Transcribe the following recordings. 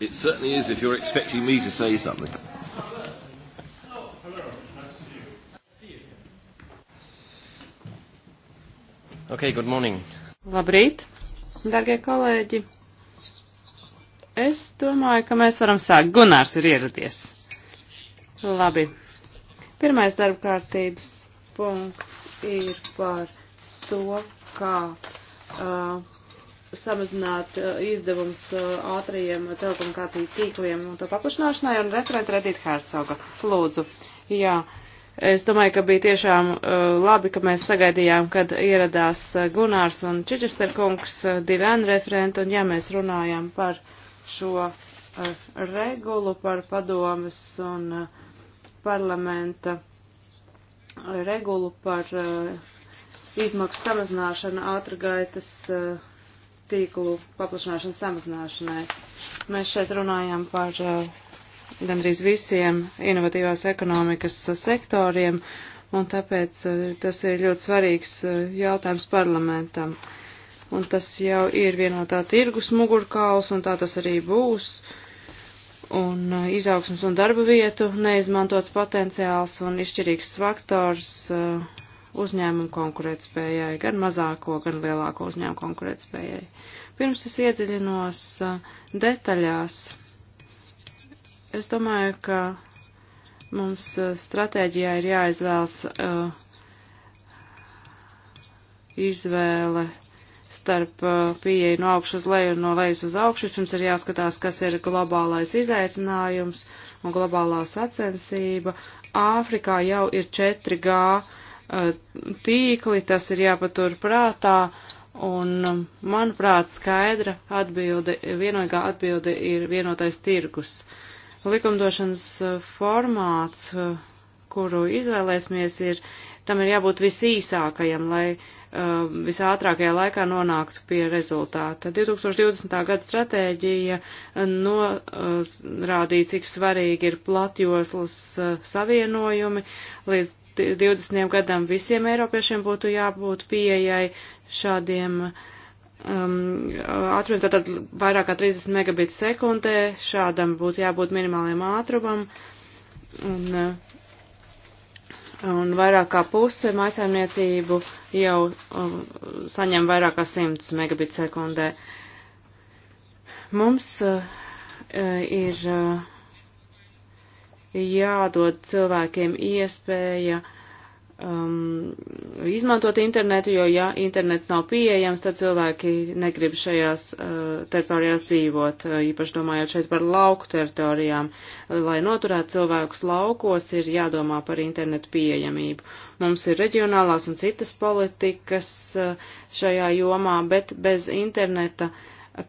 It certainly is if you're expecting me to say something. Okay, good morning. Labrīt, darbie kolēģi. Es domāju, ka mēs varam sākt. Gunārs ir ieradies. Labi. Pirmais darba kārtības punkts ir par to, kā uh, samazināt eh, izdevums eh, ātrajiem telekomunikāciju tīkliem un to paplašināšanai un referenta Redīta Hercoga. Lūdzu. Jā. Es domāju, ka bija tiešām uh, labi, ka mēs sagaidījām, kad ieradās uh, Gunārs un Čičester kungs, uh, divi N referenti, un ja mēs runājam par šo uh, regulu, par padomas un uh, parlamenta regulu par uh, izmaksu samazināšanu ātrgaitas. Uh, tīklu paplašināšanas samazināšanai. Mēs šeit runājam par eh, gandrīz visiem inovatīvās ekonomikas eh, sektoriem, un tāpēc eh, tas ir ļoti svarīgs jautājums parlamentam. Un tas jau ir vienotā tirgus mugurkauls, un tā tas arī būs. Un izaugsmas un darba vietu neizmantots potenciāls un izšķirīgs faktors uh, uzņēmumu konkurētspējai, gan mazāko, gan lielāko uzņēmumu konkurētspējai. Pirms es iedziļinos detaļās, es domāju, ka mums stratēģijā ir jāizvēlas uh, izvēle starp pieeju no augšas uz leju un no lejas uz augšu. Mums ir jāskatās, kas ir globālais izaicinājums un globālā sacensība. Āfrikā jau ir 4G Eh, tīkli, tas ir jāpatur prātā, un, manuprāt, skaidra atbilde, vienīgā atbilde ir vienotais tirgus. Likumdošanas eh, formāts, eh, kuru izvēlēsimies, ir, tam ir jābūt visīsākajam, lai uh, visātrākajā laikā nonāktu pie rezultāta. 2020. gada stratēģija norādīja, uh, cik svarīgi ir platjoslas uh, savienojumi līdz 20. gadam visiem eiropiešiem būtu jābūt pieejai šādiem um, ātrumiem, tātad vairāk kā 30 megabit sekundē, šādam būtu jābūt minimāliem ātrumam. Un, uh, un vairāk kā puse maisaimniecību jau um, saņem vairāk kā 100 megabit sekundē. Mums uh, ir. Uh, jādod cilvēkiem iespēja um, izmantot internetu, jo ja internets nav pieejams, tad cilvēki negrib šajās uh, teritorijās dzīvot, uh, īpaši domājot šeit par lauku teritorijām. Lai noturētu cilvēkus laukos, ir jādomā par internetu pieejamību. Mums ir reģionālās un citas politikas uh, šajā jomā, bet bez interneta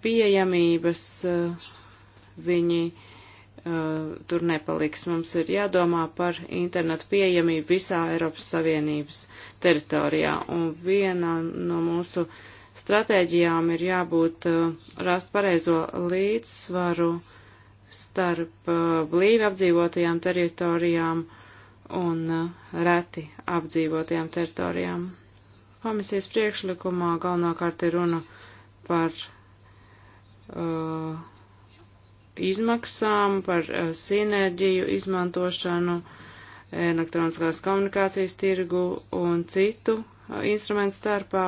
pieejamības uh, viņi Uh, tur nepaliks. Mums ir jādomā par internetu pieejamību visā Eiropas Savienības teritorijā. Un viena no mūsu stratēģijām ir jābūt uh, rast pareizo līdzsvaru starp uh, blīvi apdzīvotajām teritorijām un reti apdzīvotajām teritorijām. Komisijas priekšlikumā galvenokārt ir runa par uh, izmaksām, par eh, sinerģiju izmantošanu eh, elektroniskās komunikācijas tirgu un citu eh, instrumentu starpā.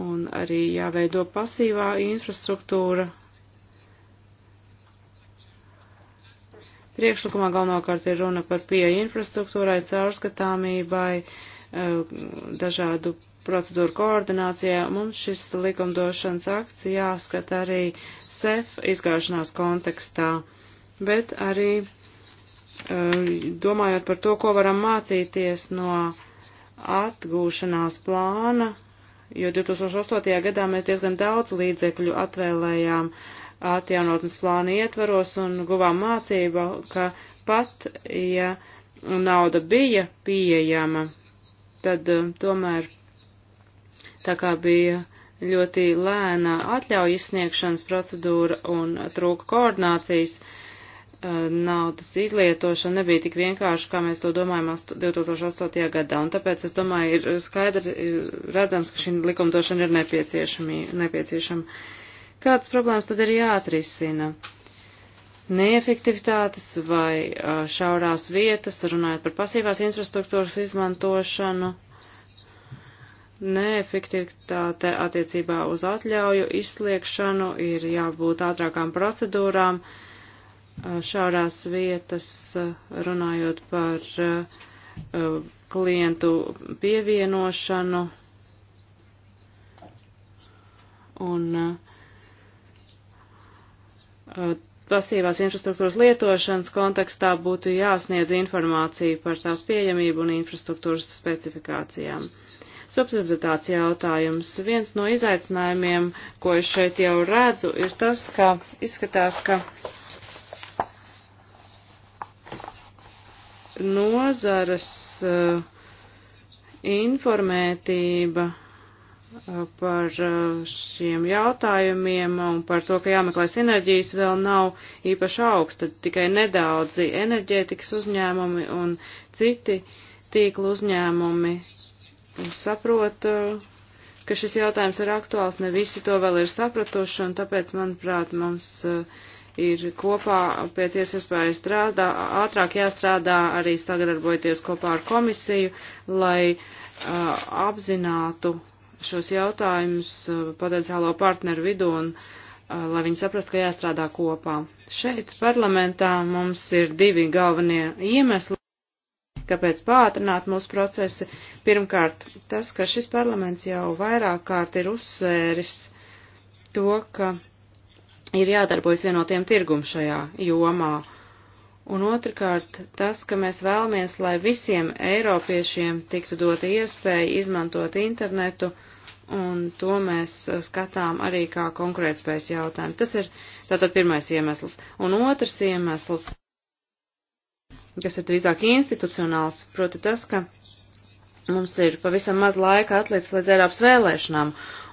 Un arī jāveido pasīvā infrastruktūra. Priekšlikumā galvenokārt ir runa par pieeja infrastruktūrai, caurskatāmībai, dažādu procedūru koordinācijā. Mums šis likumdošanas akts jāskata arī SEF izgāšanās kontekstā, bet arī eh, domājot par to, ko varam mācīties no atgūšanās plāna, jo 2008. gadā mēs diezgan daudz līdzekļu atvēlējām atjaunotnes plāna ietvaros un guvām mācību, ka pat, ja nauda bija pieejama, tad eh, tomēr tā kā bija ļoti lēna atļauju izsniegšanas procedūra un trūka koordinācijas, eh, naudas izlietošana nebija tik vienkārši, kā mēs to domājam 2008. gadā, un tāpēc es domāju, ir skaidri redzams, ka šī likumdošana ir nepieciešama. Kādas problēmas tad ir jāatrisina? neefektivitātes vai eh, šaurās vietas, runājot par pasīvās infrastruktūras izmantošanu, neefektivitāte attiecībā uz atļauju izsliekšanu, ir jābūt ātrākām procedūrām, šaurās vietas, runājot par klientu pievienošanu un pasīvās infrastruktūras lietošanas kontekstā būtu jāsniedz informācija par tās pieejamību un infrastruktūras specifikācijām. Uh, Subsidaritāts jautājums. Viens no izaicinājumiem, ko es šeit jau redzu, ir tas, ka izskatās, ka nozaras eh, informētība eh, par eh, šiem jautājumiem un par to, ka jāmeklē sinerģijas vēl nav īpaši augsta. Tikai nedaudzi enerģētikas uzņēmumi un citi tīkla uzņēmumi saprot, eh, ka šis jautājums ir aktuāls, ne visi to vēl ir sapratuši, un tāpēc, manuprāt, mums eh, ir kopā pēc iespējas strādā, ātrāk jāstrādā arī sadarbojoties kopā ar komisiju, lai uh, apzinātu šos jautājumus uh, potenciālo partneru vidū un uh, lai viņi saprast, ka jāstrādā kopā. Šeit parlamentā mums ir divi galvenie iemesli kāpēc pātrināt mūsu procesi. Pirmkārt, tas, ka šis parlaments jau vairāk kārt ir uzsvēris to, ka ir jādarbojas vienotiem tirgum šajā jomā. Un otrkārt, tas, ka mēs vēlamies, lai visiem eiropiešiem tiktu dota iespēja izmantot internetu, un to mēs uh, skatām arī kā konkurētspējas jautājumu. Tas ir tātad pirmais iemesls. Un otrs iemesls kas ir drīzāk institucionāls, proti tas, ka mums ir pavisam maz laika atlicis līdz Eiropas vēlēšanām,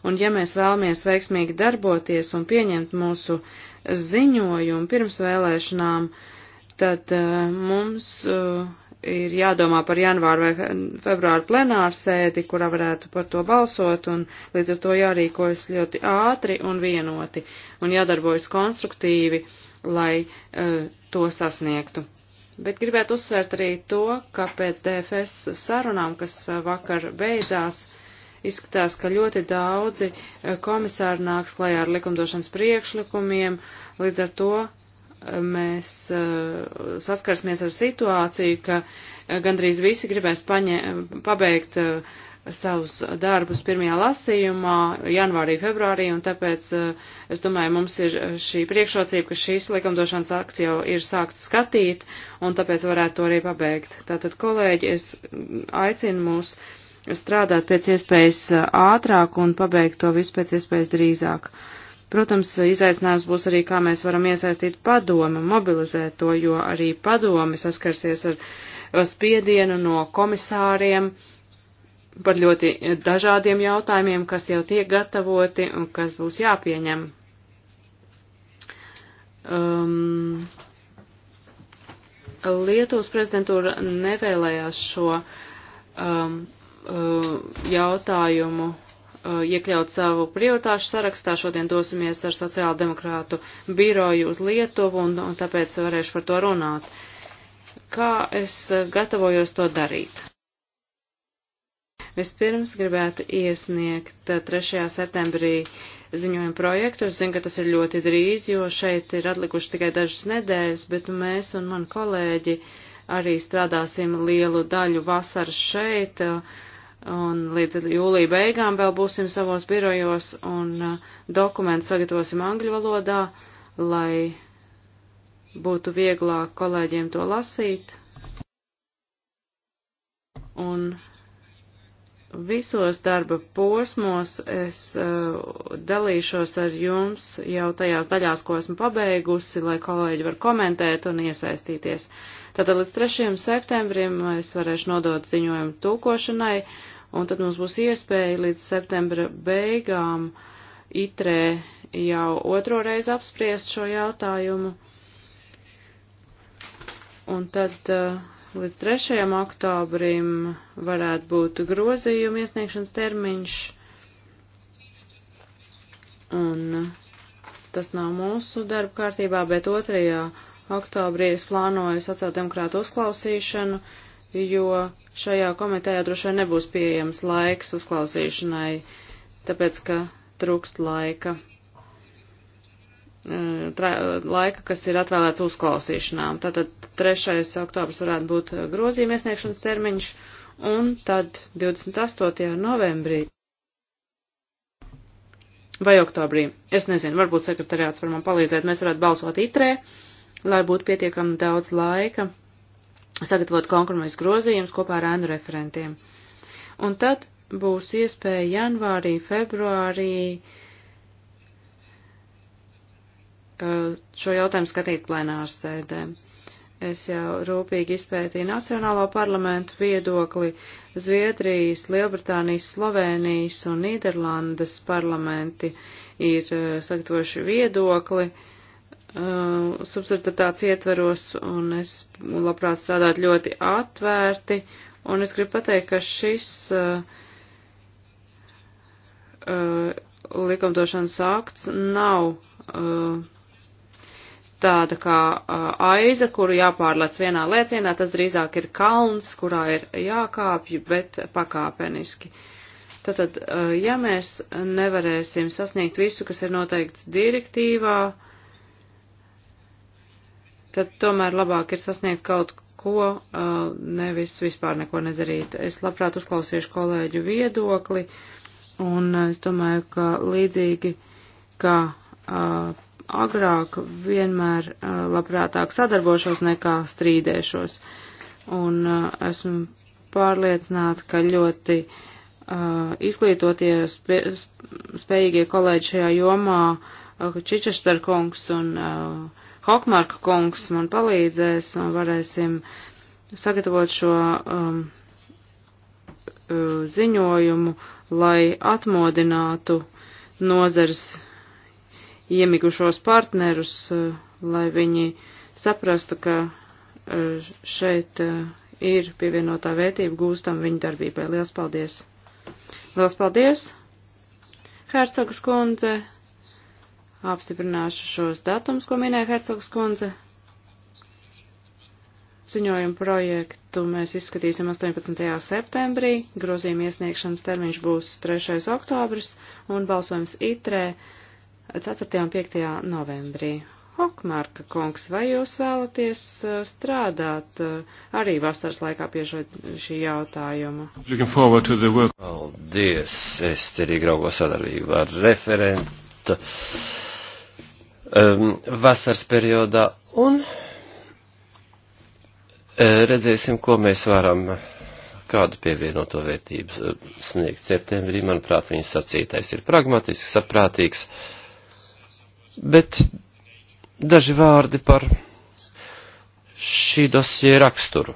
un ja mēs vēlamies veiksmīgi darboties un pieņemt mūsu ziņojumu pirms vēlēšanām, tad uh, mums uh, ir jādomā par janvāru vai februāru plenāru sēdi, kurā varētu par to balsot, un līdz ar to jārīkojas ļoti ātri un vienoti, un jādarbojas konstruktīvi, lai uh, to sasniegtu. Bet gribētu uzsvērt arī to, ka pēc DFS sarunām, kas vakar beidzās, izskatās, ka ļoti daudzi komisāri nāks klajā ar likumdošanas priekšlikumiem, līdz ar to mēs uh, saskarsimies ar situāciju, ka gandrīz visi gribēs paņē, pabeigt uh, savus darbus pirmajā lasījumā, janvārī, februārī, un tāpēc eh, es domāju, mums ir šī priekšrocība, ka šīs likumdošanas akts jau ir sākts skatīt, un tāpēc varētu to arī pabeigt. Tātad, kolēģi, es aicinu mūs strādāt pēc iespējas eh, ātrāk un pabeigt to visu pēc iespējas drīzāk. Protams, izaicinājums būs arī, kā mēs varam iesaistīt padomu, mobilizēt to, jo arī padomi saskarsies ar spiedienu no komisāriem, uh, par ļoti dažādiem jautājumiem, kas jau tiek gatavoti un kas būs jāpieņem. Um, Lietuvas prezidentūra nevēlējās šo um, uh, jautājumu uh, iekļaut savu prioritāšu sarakstā. Šodien dosimies ar sociāldemokrātu biroju uz Lietuvu un, un tāpēc varēšu par to runāt. Kā es gatavojos to darīt? Vispirms gribētu iesniegt 3. Eh, septembrī ziņojumu projektu. Es zinu, ka tas ir ļoti drīz, jo šeit ir atlikuši tikai dažas nedēļas, bet mēs un mani kolēģi arī strādāsim lielu daļu vasaras šeit, eh, un līdz jūlija beigām vēl būsim savos birojos, un eh, dokumentu sagatavosim angļu valodā, lai būtu vieglāk kolēģiem to lasīt Visos darba posmos es uh, dalīšos ar jums jau tajās daļās, ko esmu pabeigusi, lai kolēģi var komentēt un iesaistīties. Tātad līdz 3. septembrim es varēšu nodot ziņojumu tūkošanai, un tad mums būs iespēja līdz septembra beigām itrē jau otro reizi apspriest šo jautājumu. Un tad uh, līdz 3. oktobrim varētu būt grozījuma iesniegšanas termiņš, un tas nav mūsu darba kārtībā, bet 2. oktobrī es plānoju sociāldemokrātu uzklausīšanu, jo šajā komitejā droši vien nebūs pieejams laiks uzklausīšanai, tāpēc ka trūkst laika. Mm, laika, kas ir atvēlēts uzklausīšanām. Tātad 3. oktobrs varētu būt grozījuma iesniegšanas termiņš, un tad 28. novembrī vai oktobrī, es nezinu, varbūt sekretariāts var man palīdzēt, mēs varētu balsot itrē, lai būtu pietiekami daudz laika sagatavot kompromisu grozījumus kopā ar ēnu referentiem. Un tad būs iespēja janvārī, februārī, uh, šo jautājumu skatīt plenāru sēdē. Es jau rūpīgi izpētīju Nacionālo parlamentu viedokli, Zviedrijas, Lielbritānijas, Slovenijas un Nīderlandes parlamenti ir eh, sagatavojuši viedokli uh, eh, subsidiotāts ietveros, un es labprāt strādāt ļoti atvērti, un es gribu pateikt, ka šis uh, uh, likumdošanas akts nav uh, tāda kā uh, aiza, kuru jāpārlec vienā lēcienā, tas drīzāk ir kalns, kurā ir jākāpj, bet pakāpeniski. Tātad, uh, ja mēs nevarēsim sasniegt visu, kas ir noteikts direktīvā, tad tomēr labāk ir sasniegt kaut ko, uh, nevis vispār neko nedarīt. Es labprāt uzklausīšu kolēģu viedokli, un es domāju, ka līdzīgi kā uh, agrāk vienmēr uh, labprātāk sadarbošos nekā strīdēšos. Un uh, esmu pārliecināta, ka ļoti uh, izglītotie, spē, spējīgie kolēģi šajā jomā, Čičester kungs un Hokmarka kungs man palīdzēs un varēsim sagatavot šo um, ziņojumu, lai atmodinātu nozares iemigušos partnerus, eh, lai viņi saprastu, ka eh, šeit eh, ir pievienotā vērtība gūstam viņu darbībai. Lielas paldies! Lielas paldies! Hercogas kundze! Apstiprināšu šos datumus, ko minēja Hercogas kundze. Ziņojumu projektu mēs izskatīsim 18. septembrī, grozījuma iesniegšanas termiņš būs 3. oktobris un balsojums ITRE 4. un 5. novembrī. Hokmārka kungs, vai jūs vēlaties uh, strādāt uh, arī vasaras laikā pie šo, šī jautājuma? Paldies, es cerīgi raugos sadarbību ar referentu um, vasaras periodā un uh, redzēsim, ko mēs varam kādu pievienoto vērtību sniegt septembrī. Manuprāt, viņas sacītais ir pragmatisks, saprātīgs. Uh, Bet daži vārdi par šī dosie raksturu.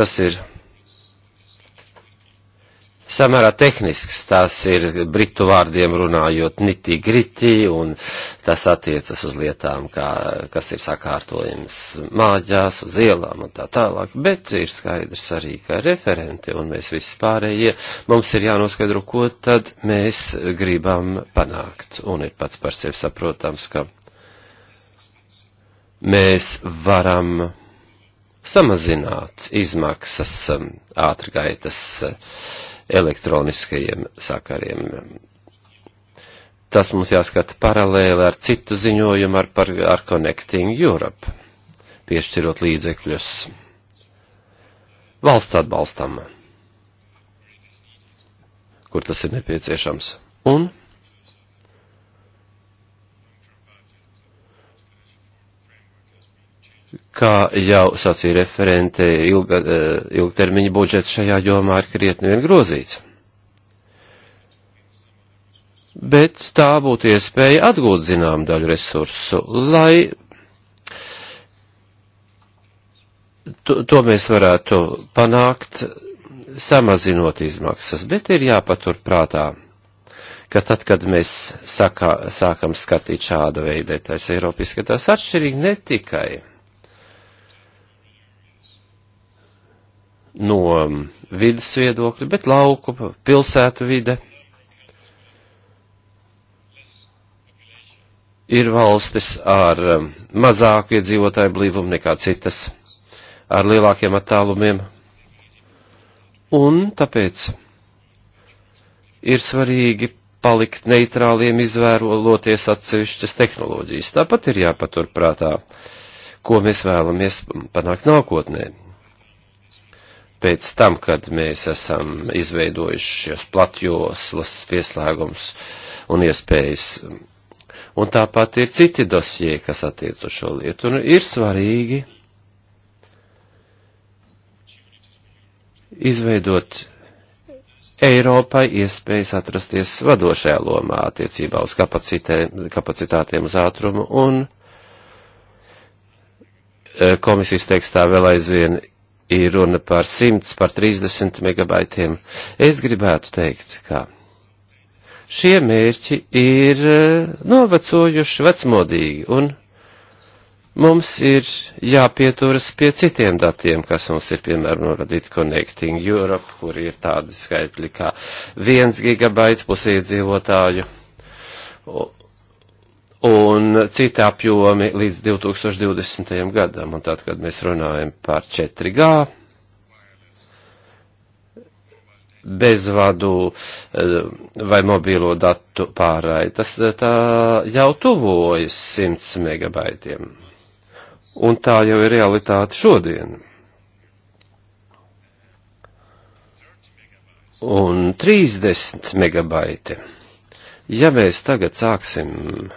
Tas ir samērā tehnisks. Tās ir britu vārdiem runājot nitī gritī, un tas attiecas uz lietām, kā, kas ir sakārtojums māģās, uz ielām un tā tālāk. Bet ir skaidrs arī, ka referenti un mēs visi pārējie, mums ir jānoskaidro, ko tad mēs gribam panākt. Un ir pats par sevi saprotams, ka mēs varam samazināt izmaksas ātrgaitas elektroniskajiem sakariem. Tas mums jāskata paralēli ar citu ziņojumu ar, par, ar Connecting Europe, piešķirot līdzekļus valsts atbalstam, kur tas ir nepieciešams. Un kā jau sacīja referente, ilga, eh, ilgtermiņa budžets šajā jomā ir krietni vien grozīts. Bet tā būtu iespēja atgūt zinām daļu resursu, lai to, to mēs varētu panākt, samazinot izmaksas, bet ir jāpatur prātā ka tad, kad mēs saka, sākam skatīt šāda veida, tas Eiropa izskatās atšķirīgi ne tikai no vidas viedokļa, bet lauku, pilsētu vide ir valstis ar um, mazāku iedzīvotāju blīvumu nekā citas, ar lielākiem attālumiem. Un tāpēc ir svarīgi palikt neitrāliem, izvēloties atsevišķas tehnoloģijas. Tāpat ir jāpaturprātā, ko mēs vēlamies panākt nākotnē pēc tam, kad mēs esam izveidojušies platjoslas pieslēgums un iespējas. Un tāpat ir citi dosie, kas attiec uz šo lietu, un ir svarīgi izveidot Eiropai iespējas atrasties vadošajā lomā attiecībā uz kapacitē, kapacitātiem uz ātrumu un e, komisijas tekstā vēl aizvien ir runa par 100, par 30 megabaitiem. Es gribētu teikt, ka šie mērķi ir eh, novecojuši vecmodīgi, un mums ir jāpieturas pie citiem datiem, kas mums ir, piemēram, norādīti Connecting Europe, kur ir tādi skaitļi kā 1 gigabaits pusiedzīvotāju un citi apjomi līdz 2020. gadam. Un tad, kad mēs runājam par 4G, bezvadu eh, vai mobīlo datu pārraidi. Tas eh, tā jau tuvojas 100 megabaitiem. Un tā jau ir realitāte šodien. Un 30 megabaiti. Ja mēs tagad sāksim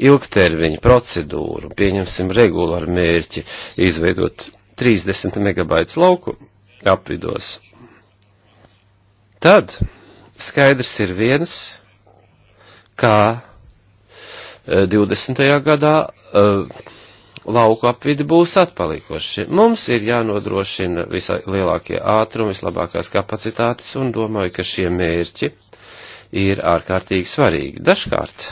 ilgtermiņa procedūru, pieņemsim regulu ar mērķi izveidot 30 megabaitus lauku apvidos, tad skaidrs ir viens, kā e, 20. gadā e, lauku apvidi būs atpalikoši. Mums ir jānodrošina vislielākie ātrumi, vislabākās kapacitātes, un domāju, ka šie mērķi ir ārkārtīgi svarīgi. Dažkārt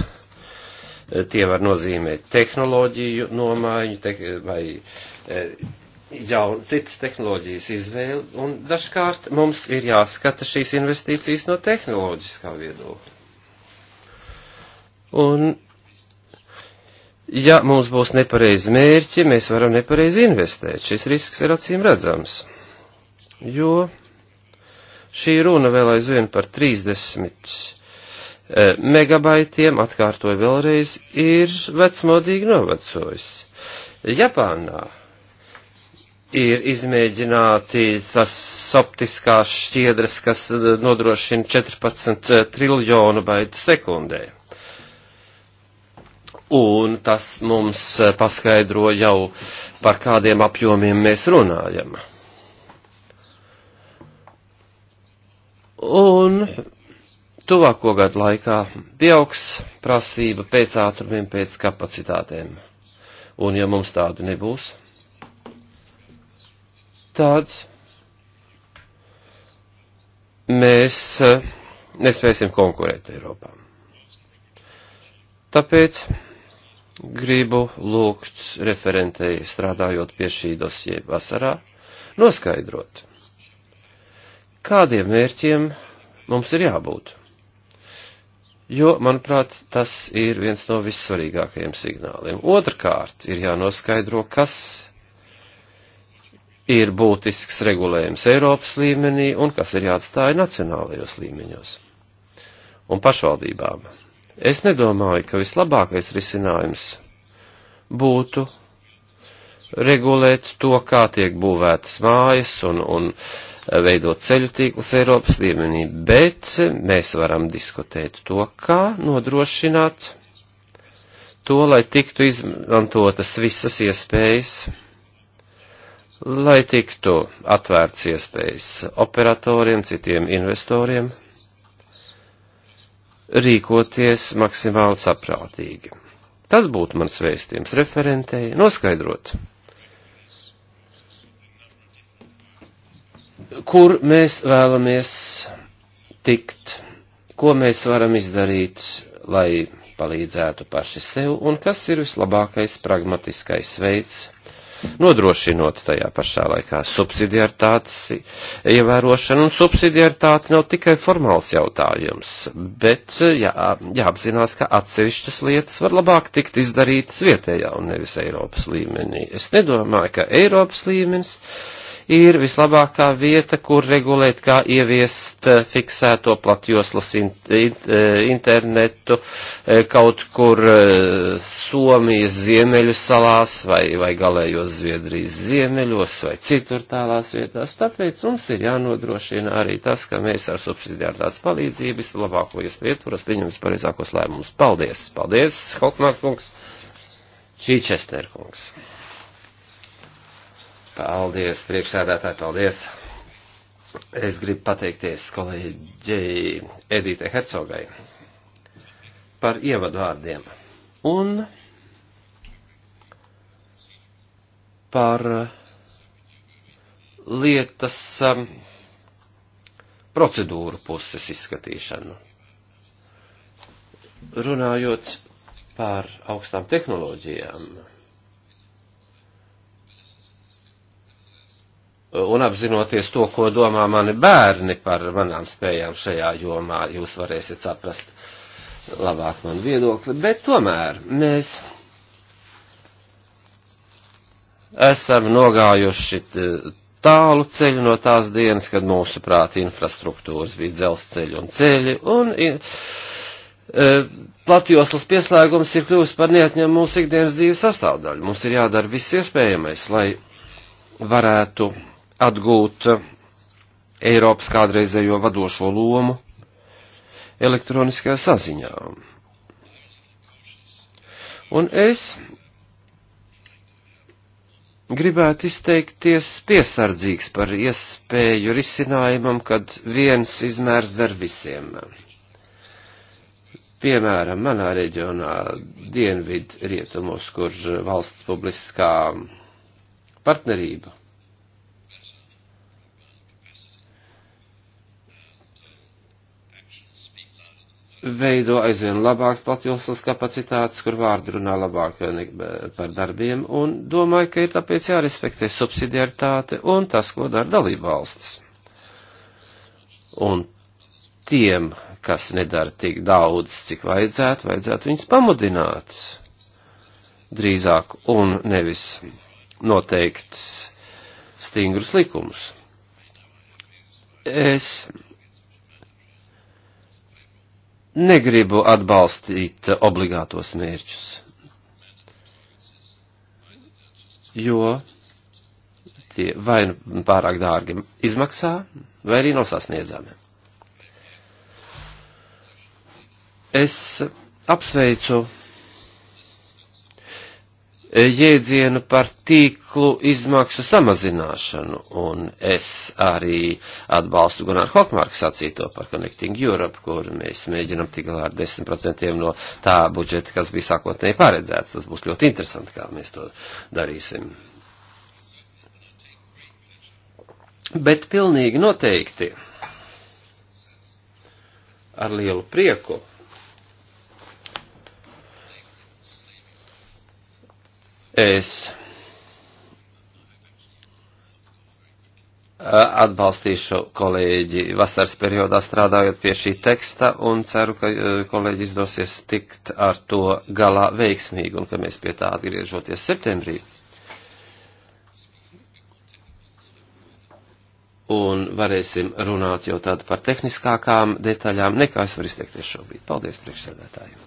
Tie var nozīmēt tehnoloģiju nomaiņu te, vai e, jaun, citas tehnoloģijas izvēli, un dažkārt mums ir jāskata šīs investīcijas no tehnoloģiskā viedokļa. Un ja mums būs nepareizi mērķi, mēs varam nepareizi investēt. Šis risks ir acīm redzams. Jo šī runa vēl aizvien par 30 E, megabaitiem, atkārtoju vēlreiz, ir vecmodīgi novecojis. Japānā ir izmēģināti tas optiskās šķiedras, kas nodrošina 14 e, triljonu baitu sekundē. Un tas mums e, paskaidro jau, par kādiem apjomiem mēs runājam. Un tuvāko gadu laikā pieaugs prasība pēc ātrumiem, pēc kapacitātēm. Un ja mums tādu nebūs, tad mēs eh, nespēsim konkurēt Eiropā. Tāpēc gribu lūgt referentei strādājot pie šī dosie vasarā, noskaidrot, kādiem mērķiem mums ir jābūt jo, manuprāt, tas ir viens no vissvarīgākajiem signāliem. Otrkārt, ir jānoskaidro, kas ir būtisks regulējums Eiropas līmenī un kas ir jāatstāja nacionālajos līmeņos un pašvaldībām. Es nedomāju, ka vislabākais risinājums būtu regulēt to, kā tiek būvētas mājas un, un uh, veidot ceļu tīklus Eiropas līmenī, bet mēs varam diskutēt to, kā nodrošināt to, lai tiktu izmantotas visas iespējas, lai tiktu atvērts iespējas operatoriem, citiem investoriem, rīkoties maksimāli saprātīgi. Tas būtu mans vēstījums referentei noskaidrot. kur mēs vēlamies tikt, ko mēs varam izdarīt, lai palīdzētu paši sev, un kas ir vislabākais pragmatiskais veids, nodrošinot tajā pašā laikā subsidiartātes ievērošanu, un subsidiartāte nav tikai formāls jautājums, bet jā, jāapzinās, ka atsevišķas lietas var labāk tikt izdarītas vietējā un nevis Eiropas līmenī. Es nedomāju, ka Eiropas līmenis uh, ir vislabākā vieta, kur regulēt, kā ieviest eh, fiksēto platjoslas eh, internetu eh, kaut kur Somijas ziemeļu salās vai, vai galējos Zviedrijas ziemeļos vai citur tālās vietās. Tāpēc mums ir jānodrošina arī tas, ka mēs ar subsidiārtāts palīdzību vislabāko iespējuros pieņems pareizākos lēmumus. Paldies! Paldies, Hokmārkungs! Čīčesterkungs! Paldies, priekšsēdētāji, paldies. Es gribu pateikties kolēģei Edītei Hercogai par ievadu vārdiem un par lietas um, procedūru puses izskatīšanu. Runājot par augstām tehnoloģijām, un apzinoties to, ko domā mani bērni par manām spējām šajā jomā, jūs varēsiet saprast labāk manu viedokli, bet tomēr mēs esam nogājuši tālu ceļu no tās dienas, kad mūsu prāti infrastruktūras bija dzelzceļi un ceļi, un e, platjoslas pieslēgums ir kļuvis par neatņemumu mūsu ikdienas dzīves sastāvdaļu. Mums ir jādara viss iespējamais, lai varētu atgūt eh, Eiropas kādreizējo vadošo lomu elektroniskajā saziņā. Un es gribētu izteikties piesardzīgs par iespēju risinājumam, kad viens izmērs dar visiem. Piemēram, manā reģionā dienvid rietumos, kur valsts publiskā partnerība veido aizvien labāks platjoslas kapacitātes, kur vārdi runā labāk par darbiem, un domāju, ka ir tāpēc jārespektē subsidiaritāte un tas, ko dara dalībvalstis. Un tiem, kas nedara tik daudz, cik vajadzētu, vajadzētu viņus pamudināt drīzāk un nevis noteikt stingrus likumus. Es negribu atbalstīt obligātos mērķus, jo tie vai nu pārāk dārgi izmaksā, vai arī nav sasniedzami. Es apsveicu E, jēdzienu par tīklu izmaksu samazināšanu, un es arī atbalstu Gunār Hokmārku sacīto par Connecting Europe, kur mēs mēģinam tik galā ar 10% no tā budžeta, kas bija sākotnēji paredzēts. Tas būs ļoti interesanti, kā mēs to darīsim. Bet pilnīgi noteikti ar lielu prieku Es atbalstīšu kolēģi vasaras periodā strādājot pie šī teksta un ceru, ka e, kolēģi izdosies tikt ar to galā veiksmīgi un ka mēs pie tā atgriežoties septembrī. Un varēsim runāt jau tādu par tehniskākām detaļām, nekā es varu izteikties šobrīd. Paldies priekšsēdētājiem!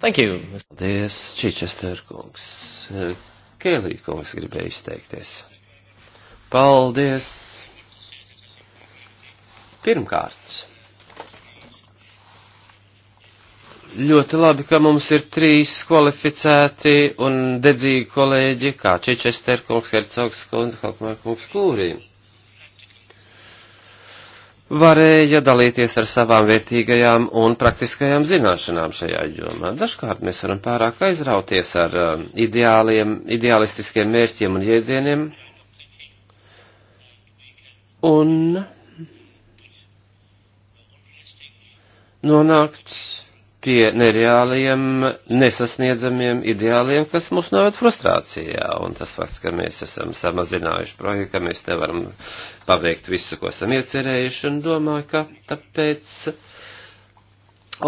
Thank you. Paldies, Čičester kungs. Kēlī kungs gribēja izteikties. Paldies. Pirmkārt, ļoti labi, ka mums ir trīs kvalificēti un dedzīgi kolēģi, kā Čičester kungs, Hercogs kungs, Hokmēr kungs, Kūrīm varēja dalīties ar savām vērtīgajām un praktiskajām zināšanām šajā jomā. Dažkārt mēs varam pārāk aizrauties ar um, ideāliem, ideālistiskiem mērķiem un jēdzieniem. Un nonākt pie nereāliem, nesasniedzamiem ideāliem, kas mūs noved frustrācijā. Un tas fakts, ka mēs esam samazinājuši projektu, ka mēs nevaram paveikt visu, ko esam iecerējuši, un domāju, ka tāpēc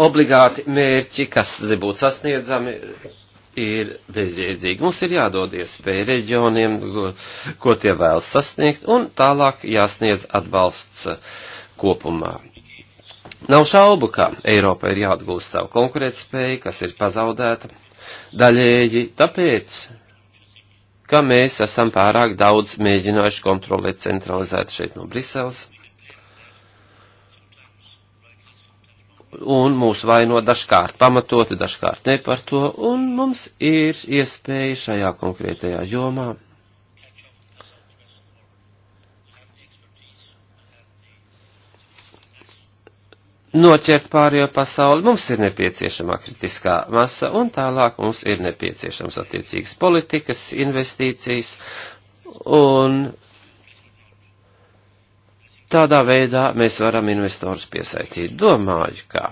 obligāti mērķi, kas nebūtu sasniedzami, ir bezjēdzīgi. Mums ir jādod iespēja reģioniem, ko tie vēlas sasniegt, un tālāk jāsniedz atbalsts kopumā. Nav šaubu, ka Eiropa ir jāatgūst savu konkurētspēju, kas ir pazaudēta daļēji tāpēc, ka mēs esam pārāk daudz mēģinājuši kontrolēt centralizēt šeit no Briseles. Un mūs vaino dažkārt pamatoti, dažkārt ne par to, un mums ir iespēja šajā konkrētajā jomā noķert pārējo pasauli, mums ir nepieciešama kritiskā masa, un tālāk mums ir nepieciešams attiecīgas politikas, investīcijas, un tādā veidā mēs varam investorus piesaistīt. Domāju, kā.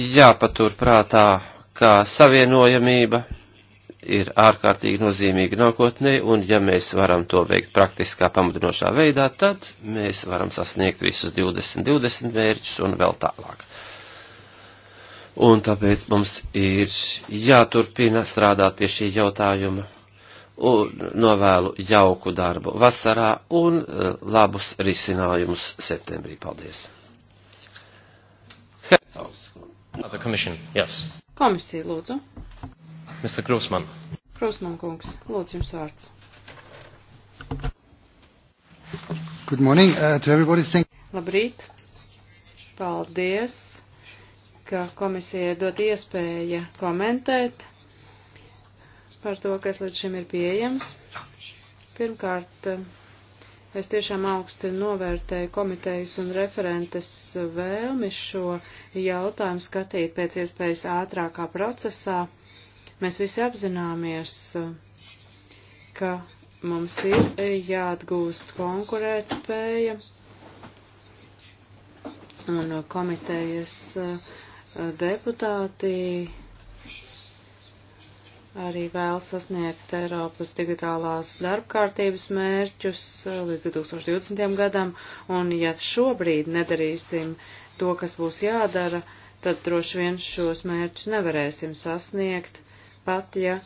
Jāpatur prātā, kā savienojamība ir ārkārtīgi nozīmīgi nākotnē, un ja mēs varam to veikt praktiskā pamudinošā veidā, tad mēs varam sasniegt visus 20-20 mērķus un vēl tālāk. Un tāpēc mums ir jāturpina strādāt pie šī jautājuma, un novēlu jauku darbu vasarā un eh, labus risinājumus septembrī. Paldies! Komisija, lūdzu. Mr. Krusman. Krusman kungs, lūdzu jums vārds. Good morning uh, to everybody. Thank Labrīt. Paldies, ka komisija dot iespēja komentēt par to, kas līdz šim ir pieejams. Pirmkārt, es tiešām augstu novērtēju komitejas un referentes vēlmi šo jautājumu skatīt pēc iespējas ātrākā procesā. Mēs visi apzināmies, ka mums ir jāatgūst konkurētspēja un komitejas eh, deputāti arī vēl sasniegt Eiropas digitālās darbkārtības mērķus eh, līdz 2020. gadam, un ja šobrīd nedarīsim to, kas būs jādara, tad droši vien šos mērķus nevarēsim sasniegt pat ja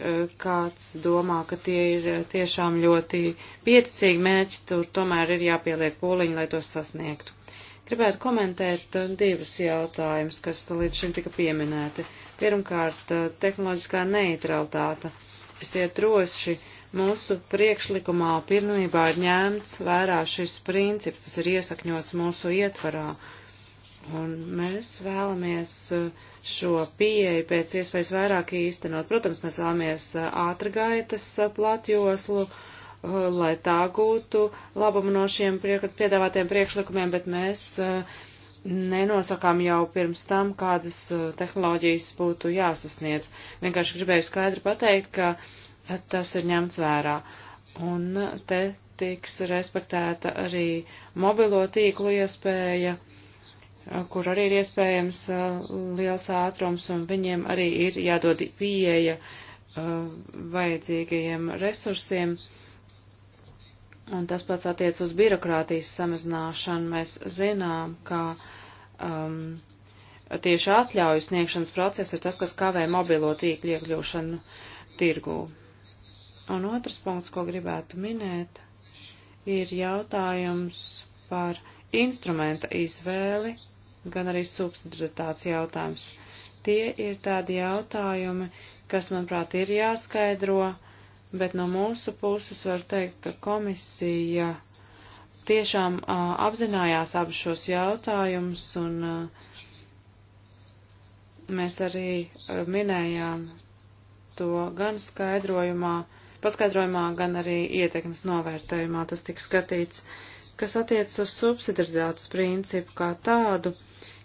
e, kāds domā, ka tie ir e, tiešām ļoti pieticīgi mērķi, tur tomēr ir jāpieliek pūliņi, lai tos sasniegtu. Gribētu komentēt e, divus jautājumus, kas līdz šim tika pieminēti. Pirmkārt, tehnoloģiskā neutralitāte. Esiet droši, mūsu priekšlikumā pirmībā ir ņemts vērā šis princips, tas ir iesakņots mūsu ietvarā. Uh, Un mēs vēlamies uh, šo pieeju pēc iespējas vairāk īstenot. Protams, mēs vēlamies uh, ātrgaitas uh, platjoslu, lai tā gūtu labumu no šiem piedāvātiem priekšlikumiem, bet mēs nenosakām jau pirms tam, kādas tehnoloģijas būtu jāsasniedz. Vienkārši gribēju skaidri pateikt, ka tas ir ņemts vērā. Un te tiks respektēta arī mobilo tīklu iespēja. Ja Eh, kur arī ir iespējams eh, liels ātrums, un viņiem arī ir jādod pieeja eh, vajadzīgajiem resursiem. Un tas pats attiec uz birokrātijas samazināšanu. Mēs zinām, ka um, tieši atļauju sniegšanas process ir tas, kas kavē mobilo tīkļu iekļūšanu tirgū. Un otrs punkts, ko gribētu minēt, ir jautājums par instrumenta izvēli gan arī subsidiritāts jautājums. Tie ir tādi jautājumi, kas, manuprāt, ir jāskaidro, bet no mūsu puses var teikt, ka komisija tiešām a, apzinājās abus šos jautājumus, un a, mēs arī a, minējām to gan skaidrojumā, paskaidrojumā, gan arī ietekmes novērtējumā tas tika skatīts. A, Kas attiecas uz subsidaritātes principu kā tādu,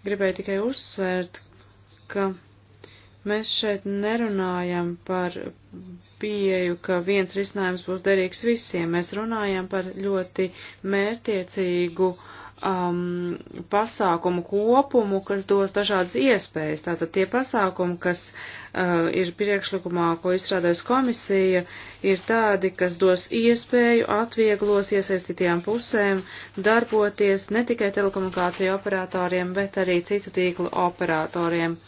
gribēju tikai uzsvērt, ka mēs šeit nerunājam par pieeju, ka viens risinājums būs derīgs visiem. Mēs runājam par ļoti mērtiecīgu uh, um, pasākumu kopumu, kas dos dažādas iespējas. Tātad tie pasākumi, kas uh, ir priekšlikumā, ko izstrādājusi komisija, ir tādi, kas dos iespēju atvieglos iesaistītajām pusēm darboties ne tikai telekomunikāciju operatoriem, bet arī citu tīklu operatoriem.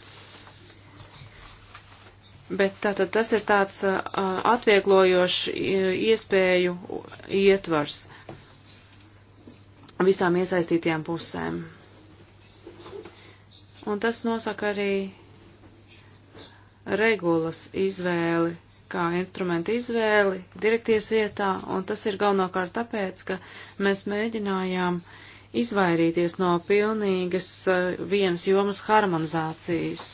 Bet tātad tas ir tāds uh, atvieglojošs uh, iespēju uh, ietvars. Uh, visām iesaistītajām pusēm. Un tas nosaka arī regulas izvēli, kā instrumentu izvēli direktīvas vietā, un tas ir galvenokārt tāpēc, ka mēs mēģinājām izvairīties no pilnīgas eh, vienas jomas harmonizācijas.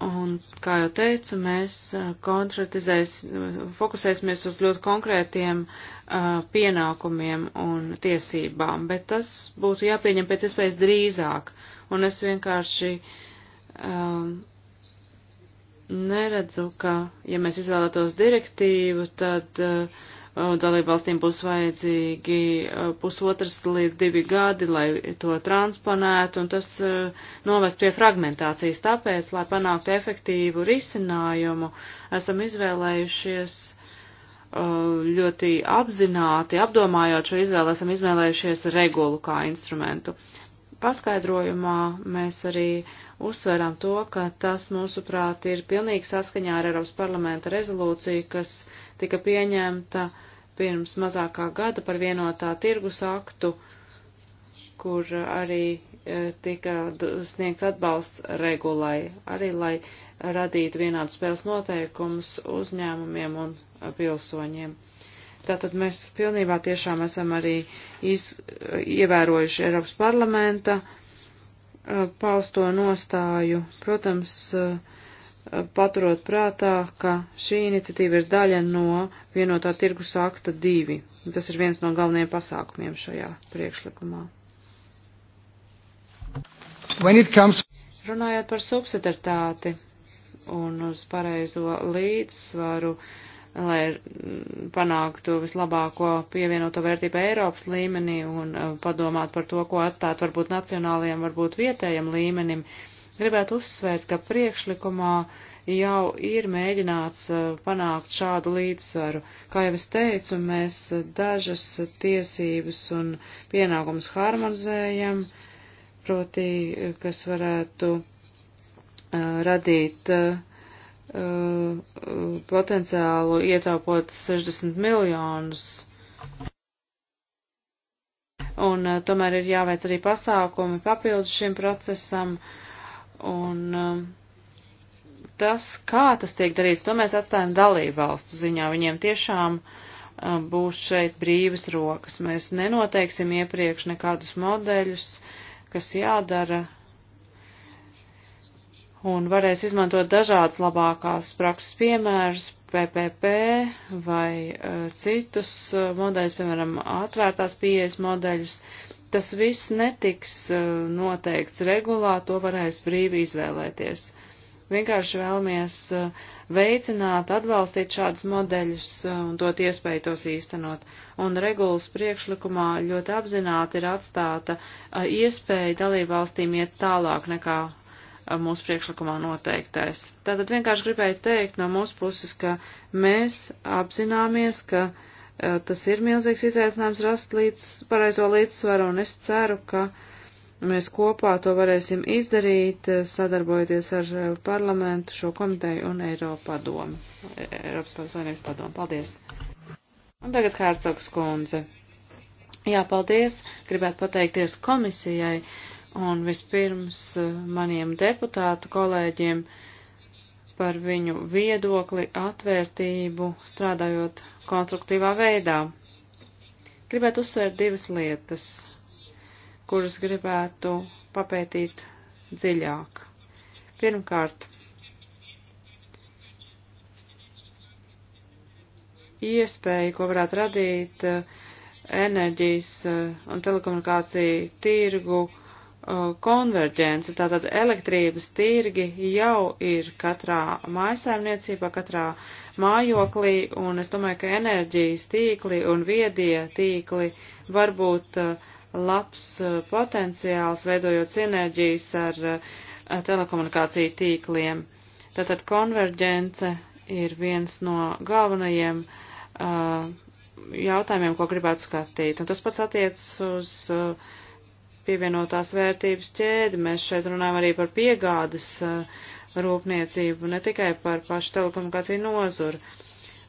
Un, kā jau teicu, mēs uh, fokusēsimies uz ļoti konkrētiem uh, pienākumiem un tiesībām, bet tas būtu jāpieņem pēc iespējas drīzāk. Un es vienkārši um, neredzu, ka, ja mēs izvēlētos direktīvu, tad uh, Uh, dalībvalstīm būs vajadzīgi uh, pusotras līdz divi gadi, lai to transponētu, un tas uh, novest pie fragmentācijas. Tāpēc, lai panāktu efektīvu risinājumu, esam izvēlējušies ļoti apzināti, apdomājot šo izvēli, esam izvēlējušies regulu kā instrumentu. Paskaidrojumā mēs arī uzsverām to, ka tas, mūsuprāt, ir pilnīgi saskaņā ar Eiropas parlamenta rezolūciju, kas tika pieņemta pirms mazākā gada par vienotā tirgus aktu, kur arī e, tika sniegts atbalsts regulai, arī lai radītu vienādu spēles noteikumus uzņēmumiem un pilsoņiem. Tātad mēs pilnībā tiešām esam arī iz, e, ievērojuši Eiropas parlamenta uh, Eh, pausto nostāju, protams, eh, paturot prātā, ka šī iniciatīva ir daļa no vienotā tirgus akta divi. Tas ir viens no galvenajiem pasākumiem šajā priekšlikumā. Comes... Runājot par subsidiartāti un uz pareizo līdzsvaru, uh, lai panāktu vislabāko pievienoto vērtību Eiropas līmenī un uh, padomāt par to, ko atstāt varbūt nacionālajiem, varbūt vietējiem līmenim. Gribētu uzsvērt, ka priekšlikumā jau ir mēģināts uh, panākt šādu līdzsvaru. Kā jau es teicu, mēs uh, dažas tiesības un pienākumus harmonizējam, proti, kas varētu radīt uh, Uh, potenciālu ietaupot 60 miljonus. Un uh, tomēr ir jāveic arī pasākumi papildus šim procesam. Un uh, tas, kā tas tiek darīts, to mēs atstājam dalību valstu ziņā. Viņiem tiešām būs šeit brīvas rokas. Mēs nenoteiksim iepriekš nekādus modeļus, kas jādara un varēs izmantot dažādas labākās prakses piemērus, PPP vai uh, citus uh, modeļus, piemēram, atvērtās pieejas modeļus. Tas viss netiks uh, noteikts regulā, to varēs brīvi izvēlēties. Vienkārši vēlamies uh, veicināt, atbalstīt šādus modeļus uh, un dot iespēju tos īstenot. Un regulas priekšlikumā ļoti apzināti ir atstāta uh, iespēja dalībvalstīm iet tālāk nekā mūsu priekšlikumā noteiktais. Tātad vienkārši gribēju teikt no mūsu puses, ka mēs apzināmies, ka uh, tas ir milzīgs izaicinājums rast līdz pareizo līdzsvaru, un es ceru, ka mēs kopā to varēsim izdarīt, e, sadarbojoties ar e, parlamentu, šo komiteju un Eiropa padomu, Eiropas Savienības padomu. Paldies! Un tagad Hērcogs kundze. Jā, paldies! Gribētu pateikties komisijai un vispirms eh, maniem deputātu kolēģiem par viņu viedokli, atvērtību, strādājot konstruktīvā veidā. Gribētu uzsvērt divas lietas, kuras gribētu papētīt dziļāk. Pirmkārt, iespēja, ko varētu radīt eh, enerģijas eh, un telekomunikāciju tirgu, uh, Uh, konverģence, tātad elektrības tirgi jau ir katrā mājasēmniecībā, katrā mājoklī, un es domāju, ka enerģijas tīkli un viedie tīkli var būt uh, labs uh, potenciāls, veidojot sinerģijas ar telekomunikāciju tīkliem. Tātad konverģence ir viens no galvenajiem uh, jautājumiem, ko gribētu skatīt. Un tas pats attiecas uz uh, pievienotās vērtības ķēdi. Mēs šeit runājam arī par piegādes eh, rūpniecību, ne tikai par pašu telekomunikāciju nozuru.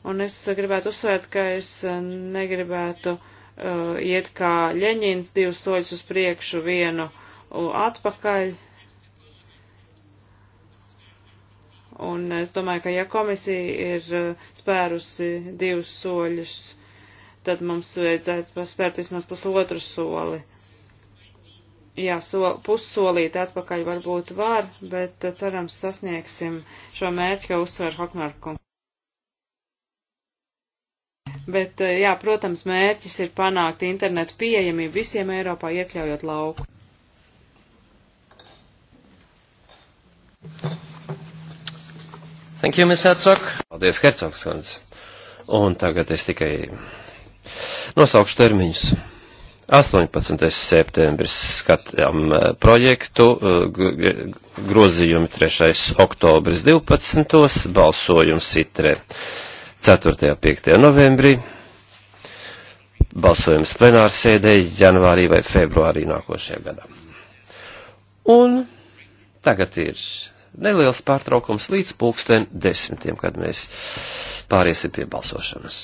Un es gribētu uzsvērt, ka es eh, negribētu uh, iet kā Ļeņins divus soļus uz priekšu, vienu uh, atpakaļ. Un es domāju, ka ja komisija ir uh, spērusi divus soļus, tad mums vajadzētu paspērt vismaz pusotru soli jā, so, pussolīt atpakaļ varbūt var, bet uh, cerams sasniegsim šo mērķi, ka uzsver Hokmārkungs. Bet, uh, jā, protams, mērķis ir panākt internetu pieejamību visiem Eiropā, iekļaujot lauku. Thank you, Miss Herzog. Paldies, Herzogs. Un tagad es tikai nosaukšu termiņus. 18. septembris skatām eh, projektu, eh, grozījumi 3. oktobris 12. balsojums itre 4. 5. novembrī, balsojums plenārsēdē janvārī vai februārī nākošajā gadā. Un tagad ir neliels pārtraukums līdz pulksten desmitiem, kad mēs pāriesim pie balsošanas.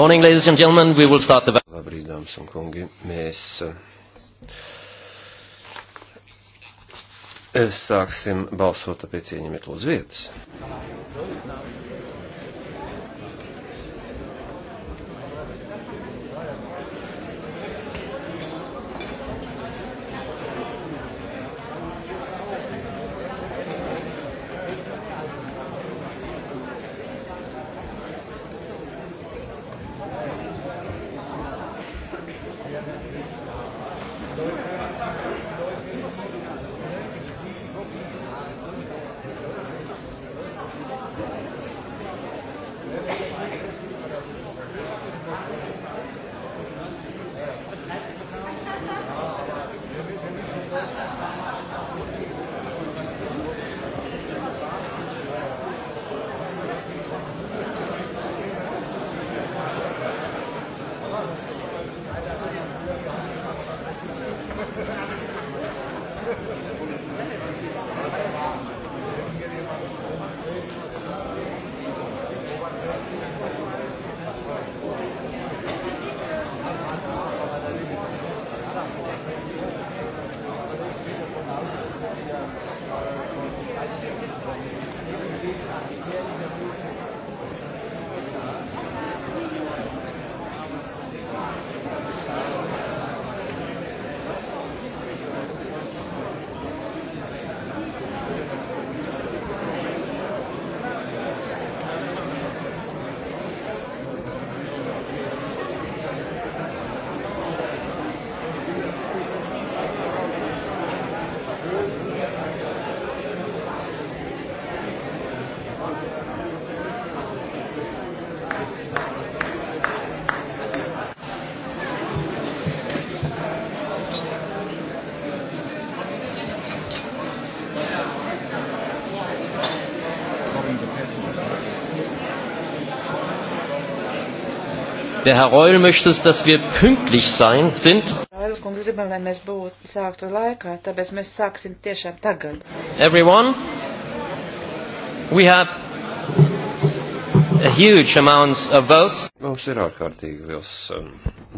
Morning, ladies and gentlemen, we will start the... Labrīt, dāmas un kungi, mēs eh, sāksim balsot, tāpēc ieņemiet lūdzu vietas. Der Herr Reul möchte es, dass wir pünktlich sein, sind. Kungs, gribam, lai mēs būtu sāktu laikā, tāpēc mēs sāksim tiešām tagad. Everyone, we have a huge amounts of votes. Mums ir ārkārtīgi liels um,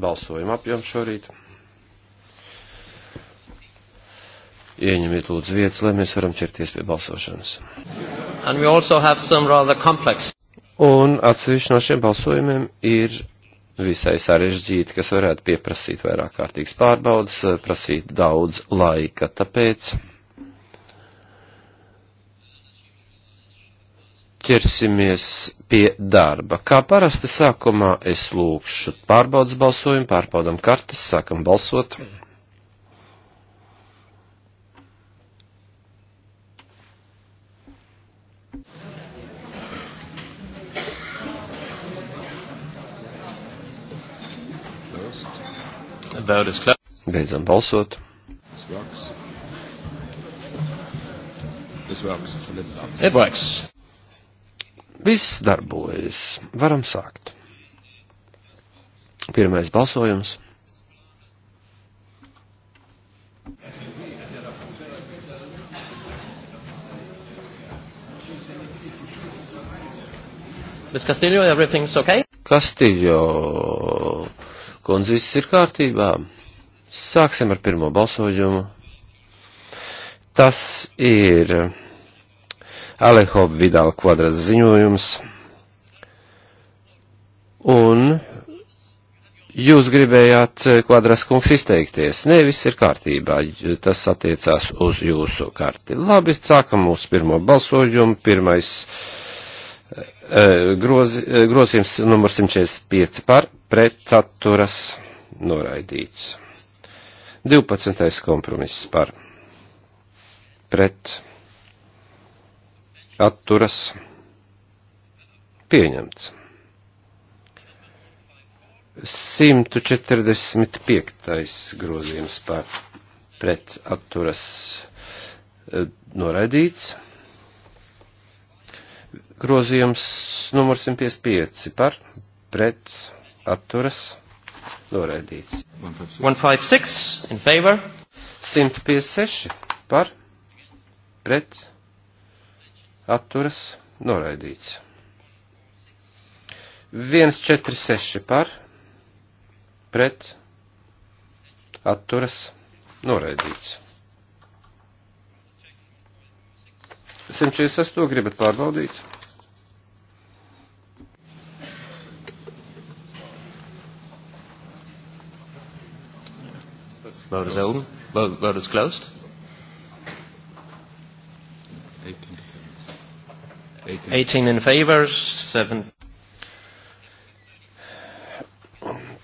balsojuma apjoms šorīt. Ieņemiet lūdzu vietas, lai mēs varam ķerties pie balsošanas. And we also have some rather complex. Un atsevišķi no šiem balsojumiem ir visai sarežģīti, kas varētu pieprasīt vairāk kārtīgas pārbaudas, eh, prasīt daudz laika. Tāpēc ķersimies pie darba. Kā parasti sākumā es lūkšu pārbaudas balsojumu, pārbaudam kartes, sākam balsot. Mm. Beidzam balsot. Ebaks. Viss darbojas. Varam sākt. Pirmais balsojums. Ms. Castillo, everything's okay? Castillo Kundze, viss ir kārtībā. Sāksim ar pirmo balsojumu. Tas ir Alejo Vidāla kvadrāts ziņojums. Un jūs gribējāt, kvadrāts eh, kungs, izteikties. Nē, viss ir kārtībā. Tas attiecās uz jūsu karti. Labi, sākam mūsu pirmo balsojumu. Pirmais Eh, grozi, eh, grozījums numur 145 par pret saturas noraidīts. 12. kompromiss par pret atturas pieņemts. 145. grozījums par pret atturas eh, noraidīts. Grozījums numur 155 par pret atturas noraidīts. 156 in favor. 156 par pret atturas noraidīts. 146 par pret atturas noraidīts. 146 gribat pārbaudīt? Vote is open. Vote, vote is closed. 18, 18 in favor, 7.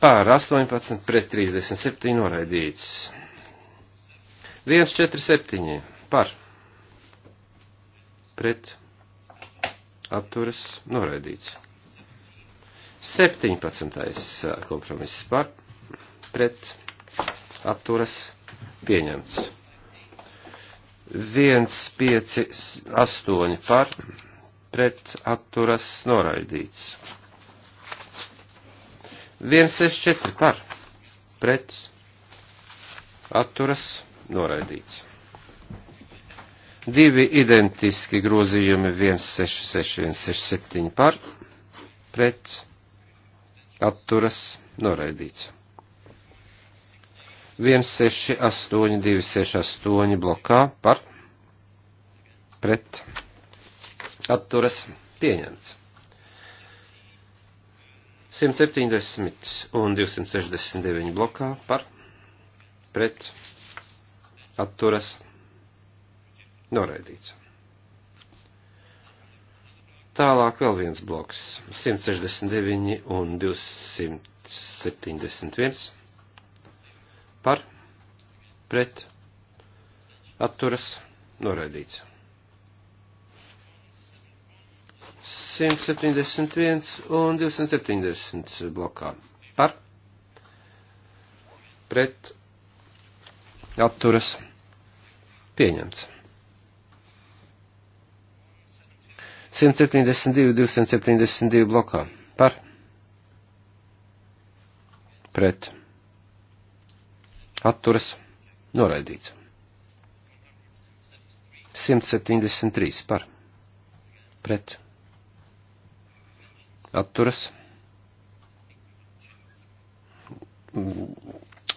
Pār 18 pret 37 noraidīts. 1, 4, 7. Par. Pret. Atturas noraidīts. 17. Eh, kompromiss par. Pret apturas pieņemts. 1, 5, 8 par pret atturas noraidīts. 1, 6, 4 par pret atturas noraidīts. Divi identiski grozījumi 166, 167 par pret atturas noraidīts. 168268 blokā par pret atturas pieņemts. 170 un 269 blokā par pret atturas noraidīts. Tālāk vēl viens bloks - 169 un 271 par pret atturas noraidīts. 171 un 270 blokā par pret atturas pieņemts. 172, 272 blokā par pret atturas noraidīts. 173 par pret atturas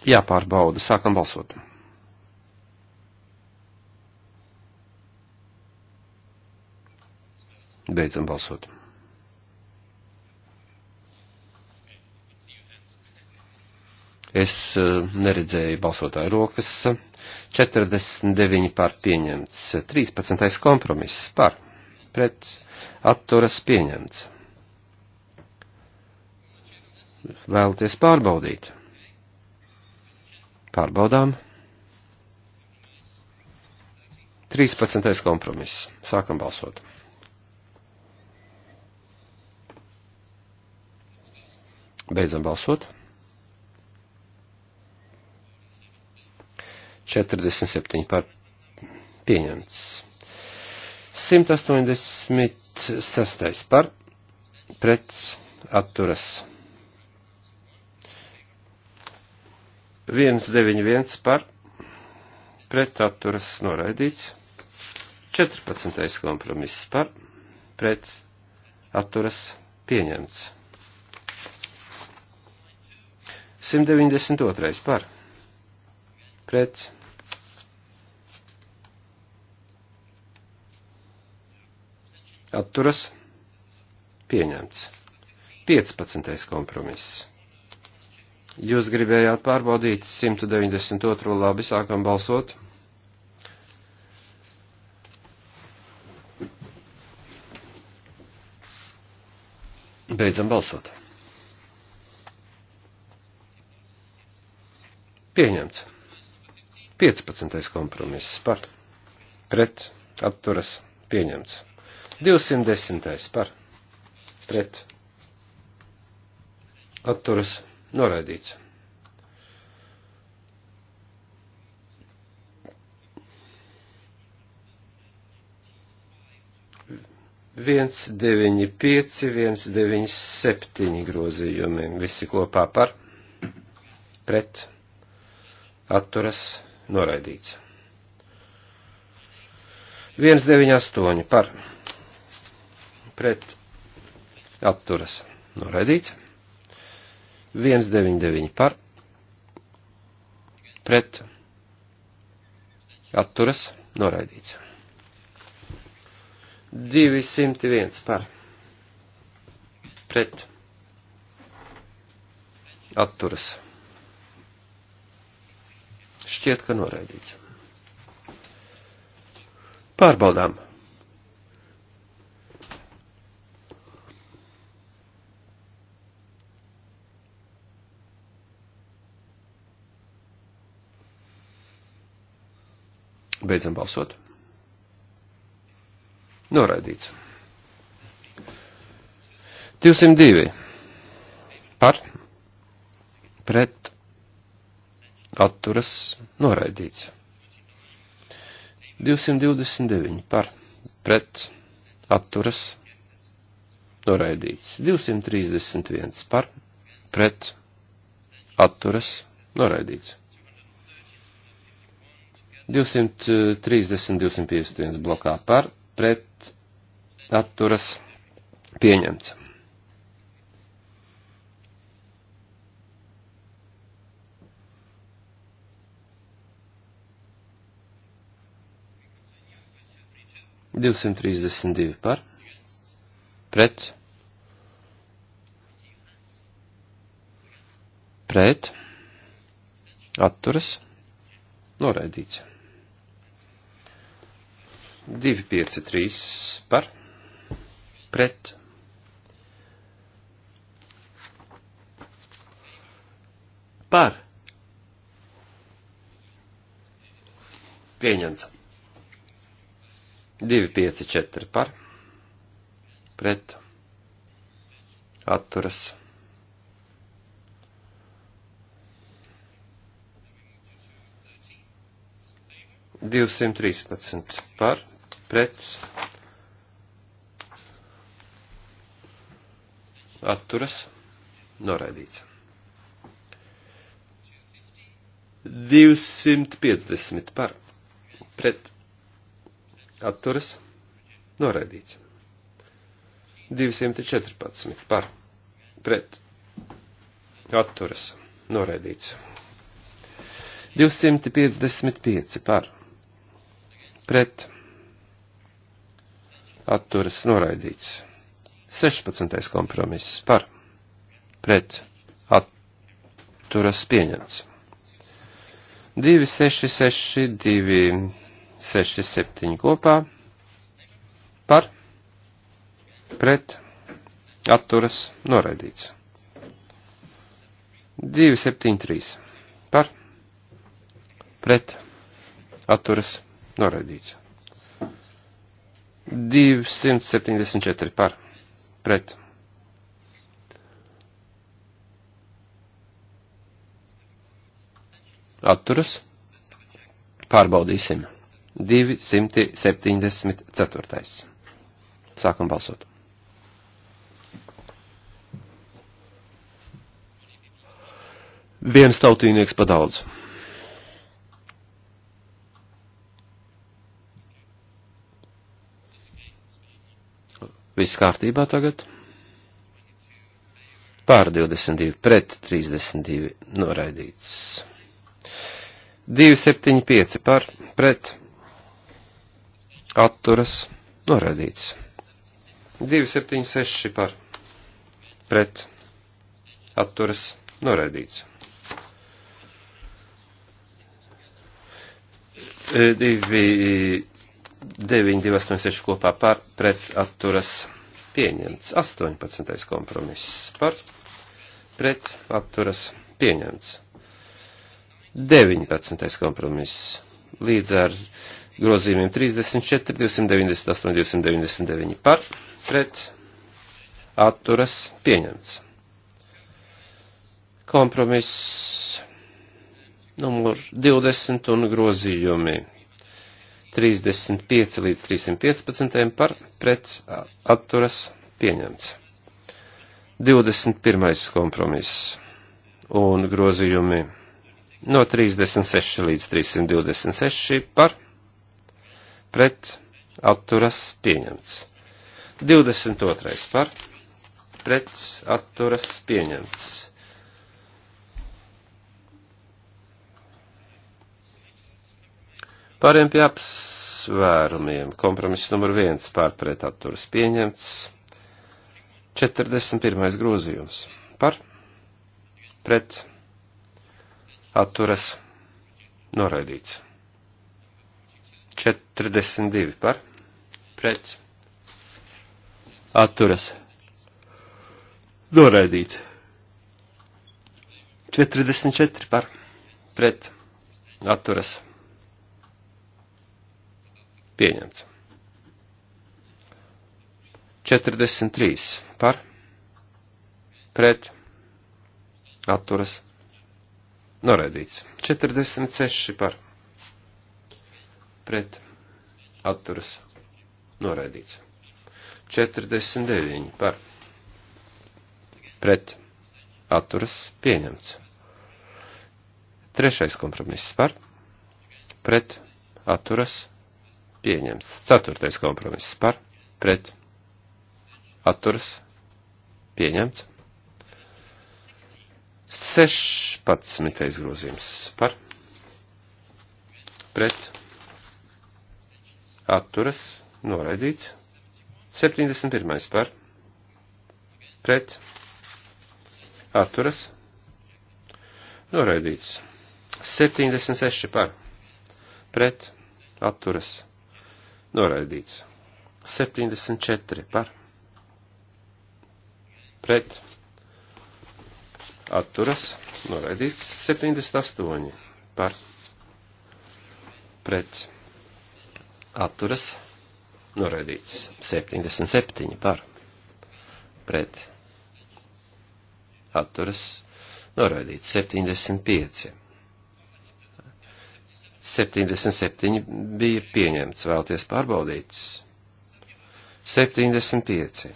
jāpārbauda. Sākam balsot. Beidzam balsot. Es eh, neredzēju balsotāju rokas. 49 par pieņemts. 13. kompromiss par. Pret. Atturas pieņemts. Vēlties pārbaudīt. Pārbaudām. 13. kompromiss. Sākam balsot. Beidzam balsot. 47 par pieņemts. 186 par pret atturas. 191 par pret atturas noraidīts. 14. kompromiss par pret atturas pieņemts. 192 par pret atturas atturas pieņemts. 15. kompromiss. Jūs gribējāt pārbaudīt 192. labi sākam balsot. Beidzam balsot. Pieņemts. 15. kompromiss par pret atturas pieņemts. 210. par pret atturas noraidīts. viens deviņi pieci, viens deviņi septiņi grozījumi, visi kopā par, pret, atturas, noraidīts. viens deviņi astoņi par, pret atturas noraidīts. 199 par pret atturas noraidīts. 201 par pret atturas. Šķiet, ka noraidīts. Pārbaudām. Beidzam balsot. Noraidīts. 202. Par. Pret. Atturas. Noraidīts. 229. Par. Pret. Atturas. Noraidīts. 231. Par. Pret. Atturas. Noraidīts. 230-251 blokā par pret atturas pieņemts. Divsimt trīsdesmit divi par, pret, pret, atturas, noraidīts. 253 par pret par pieņemts 254 par pret atturas Divsimt trīspadsmit par pret atturas noraidīts. 250 par pret atturas noraidīts. 214 par pret atturas noraidīts. 255 par pret atturas noraidīts. 16. kompromiss par pret atturas pieņemts. 2, 6, 6, 2, 6, 7 kopā par pret atturas noraidīts. 2, 7, 3 par pret atturas noraidīts. 274 par pret. Atturas. Pārbaudīsim. 274. Sākam balsot. Viens tautīnieks pa daudz. Viss kārtībā tagad? Pār 22 pret 32 noraidīts. 275 par pret atturas noraidīts. 276 par pret atturas noraidīts. 2 e, 9286 kopā par pret atturas pieņemts. 18. kompromiss par pret atturas pieņemts. 19. kompromiss līdz ar grozījumiem 34, 298, 299 par pret atturas pieņemts. Kompromiss numur 20 un grozījumi 35 līdz 315 par pret atturas pieņemts. 21. kompromiss un grozījumi no 36 līdz 326 par pret atturas pieņemts. 22. par pret atturas pieņemts. Pāriem pie apsvērumiem. Kompromiss numur viens pārpret atturas pieņemts. 41. grozījums. Par pret atturas noraidīts. 42 par pret atturas noraidīts. 44 par pret atturas noraidīts. Pieņemts. 43 par, pret, atturas, noraidīts. 46 par, pret, atturas, noraidīts. 49 par, pret, atturas, pieņemts. Trešais kompromiss par, pret, atturas, pieņemts. Ceturtais kompromiss par, pret, atturas, pieņemts. 16. grozījums par, pret, atturas, noraidīts. 71. par, pret, atturas, noraidīts. 76 par, pret, atturas, noraidīts Noraidīts. 74 par. Pret. Atturas. Noraidīts. 78 par. Pret. Atturas. Noraidīts. 77 par. Pret. Atturas. Noraidīts. 75 77 bija pieņemts, vēlties pārbaudīts. 75.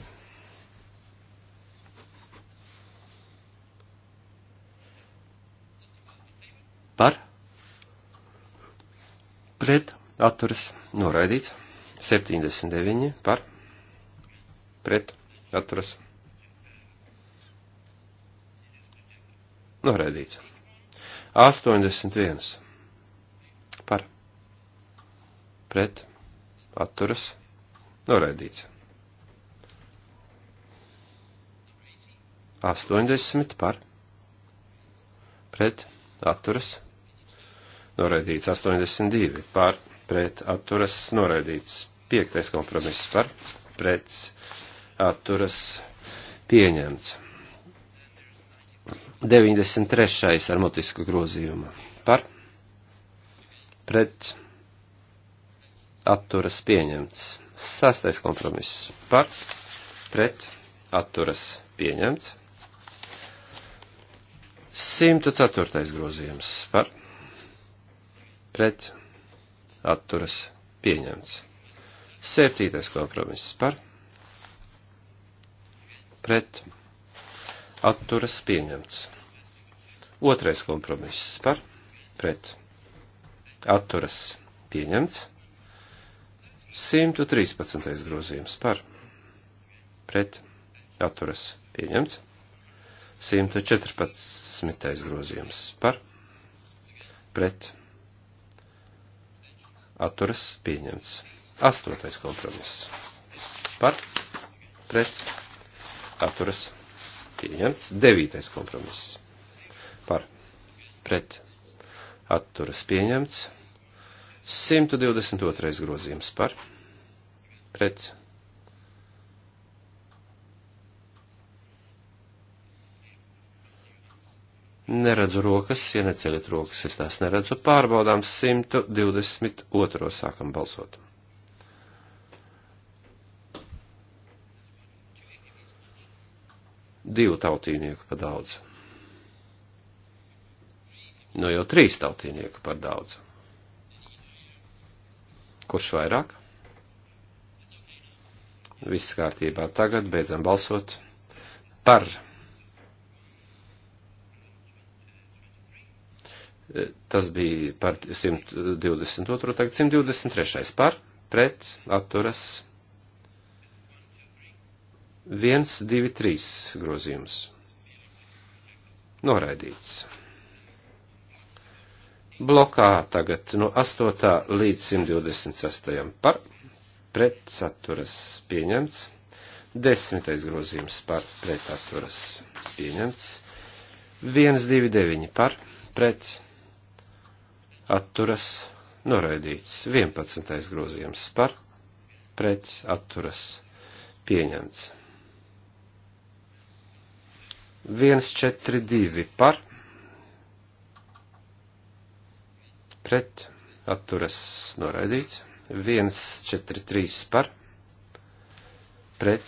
Par? Pret? Atturas? Noraidīts. 79 par? Pret? Atturas? Noraidīts. 81. pret atturas noraidīts. 80 par pret atturas noraidīts. 82 par pret atturas noraidīts. 5. kompromiss par pret atturas pieņemts. 93. ar mutisku grozījumu par pret atturas pieņemts. Sastais kompromiss par, pret, atturas pieņemts. 104. grozījums par, pret, atturas pieņemts. Septītais kompromiss par, pret, atturas pieņemts. Otrais kompromiss par, pret, atturas pieņemts. 113. grozījums par pret atturas pieņemts. 114. grozījums par pret atturas pieņemts. 8. kompromiss par pret atturas pieņemts. 9. kompromiss par pret atturas pieņemts. 122. grozījums par pret. Neredzu rokas, ja neceļat rokas, es tās neredzu. Pārbaudām 122. sākam balsot. Divu tautīnieku par daudz. Nu no jau trīs tautīnieku par daudz. Kurš vairāk? Viss kārtībā. Tagad beidzam balsot par 23.20. E, tas bija par 122, tagad 123 par, pret, atturas, 1, 2, 3 grozījums. Noraidīts blokā tagad no nu, 8. līdz 126. par pretsaturas pieņemts, 10. grozījums par pretsaturas pieņemts, 129 par prets atturas noraidīts, 11. grozījums par prets atturas pieņemts. 142 par pret atturas noraidīts, 143 par pret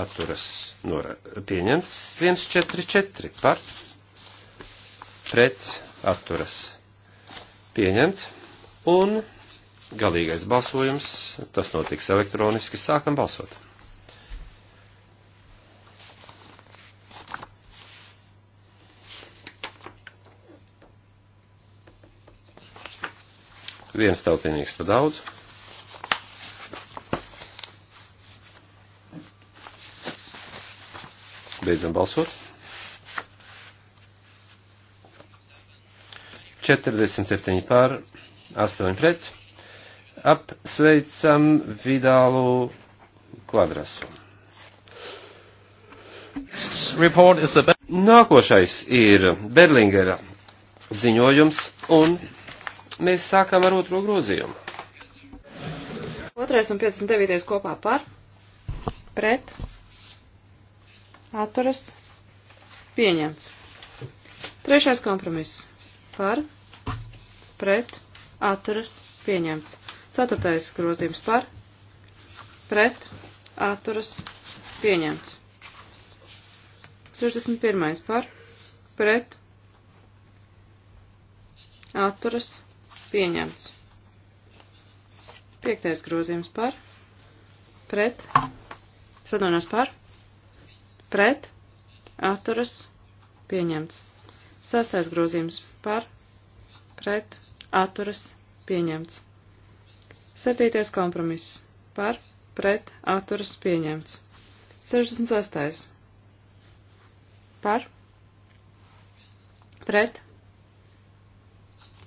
atturas nora, pieņemts, 144 par pret atturas pieņemts un galīgais balsojums, tas notiks elektroniski, sākam balsot. viens tautienīgs pa daudz. Beidzam balsot. 47 pār, 8 pret. Apsveicam Vidālu kvadrasu. Nākošais ir Berlingera ziņojums un Mēs sākam ar otro grozījumu. Otrais un 59. kopā par, pret, atturas, pieņemts. Trešais kompromiss par, pret, atturas, pieņemts. Ceturtais grozījums par, pret, atturas, pieņemts. 61. par, pret, atturas, pieņemts pieņemts. Piektais grozījums par, pret, sadonās par, pret, atturas, pieņemts. Sastais grozījums par, pret, atturas, pieņemts. Septītais kompromiss par, pret, atturas, pieņemts. 66. par, pret,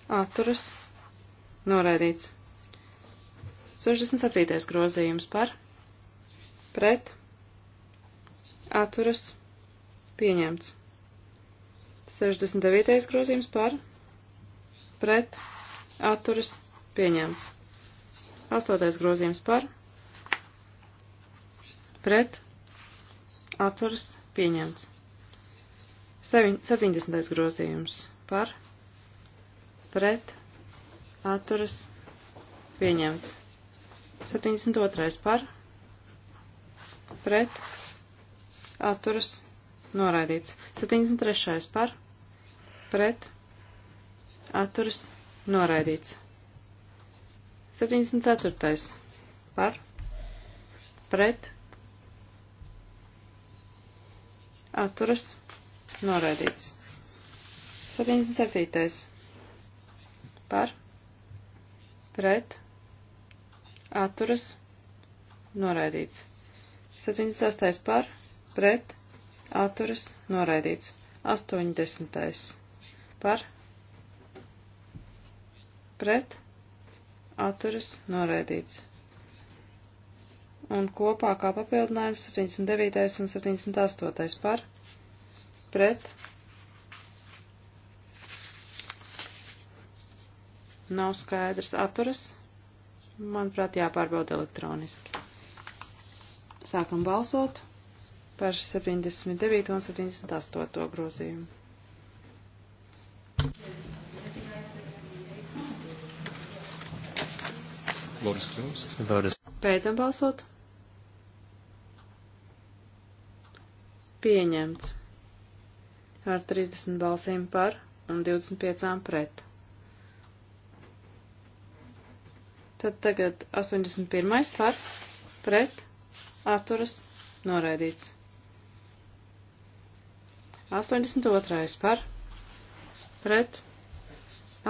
atturas, pieņemts Noraidīts. 67. grozījums par, pret, atturas, pieņemts. 69. grozījums par, pret, atturas, pieņemts. 8. grozījums par, pret, atturas, pieņemts. 70. grozījums par, pret, atturas pieņemts. 72. par pret atturas noraidīts. 73. par pret atturas noraidīts. 74. par pret atturas noraidīts. 77. par pret pret, atturas, noraidīts. 76. par, pret, atturas, noraidīts. 80. par, pret, atturas, noraidīts. Un kopā kā papildinājums 79. un 78. par, pret, atturas, noraidīts Nav skaidrs atturas. Manuprāt, jāpārbauda elektroniski. Sākam balsot par 79 un 78 grozījumu. Beidzam balsot. Pieņemts ar 30 balsīm par un 25 pret. Tad tagad 81. par pret atturas noraidīts. 82. par pret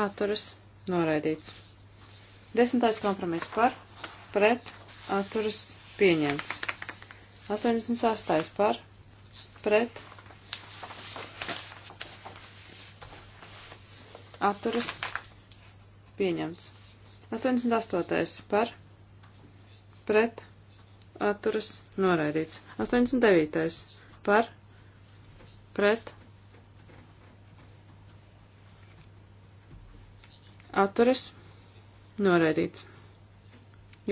atturas noraidīts. 10. kompromiss par pret atturas pieņemts. 88. par pret atturas pieņemts. 88. par pret atturas noraidīts. 89. par pret atturas noraidīts.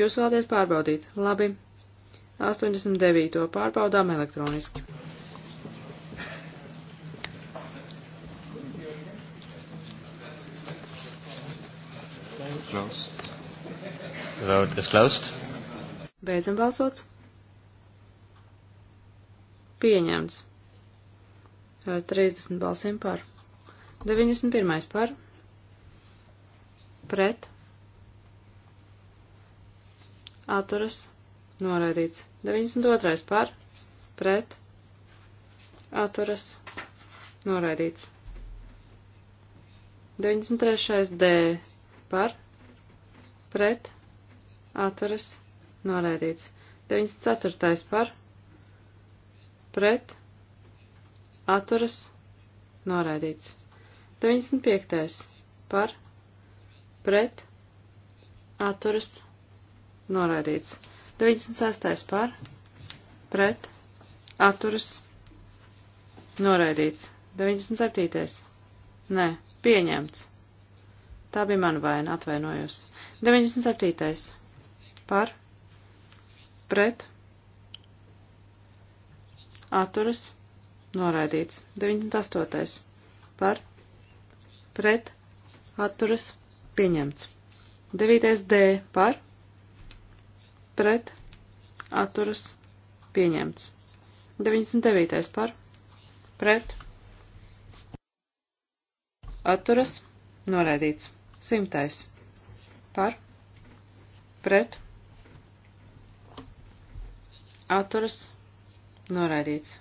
Jūs vēlaties pārbaudīt? Labi. 89. pārbaudām elektroniski. closed. The vote is closed. Beidzam balsot. Pieņemts. Ar 30 balsīm par. 91. par. Pret. Atturas. Noraidīts. 92. par. Pret. Atturas. Noraidīts. 93. D par pret, atturas, noraidīts. 94. par, pret, atturas, noraidīts. 95. par, pret, atturas, noraidīts. 96. par, pret, atturas, noraidīts. 97. Nē, pieņemts. Tā bija mana vaina, atvainojos. 97. par, pret, atturas, noraidīts. 98. par, pret, atturas, pieņemts. 9. D par, pret, atturas, pieņemts. 99. par, pret, atturas, noraidīts. Simtais. Par. Pret. Atturas. Noraidīts.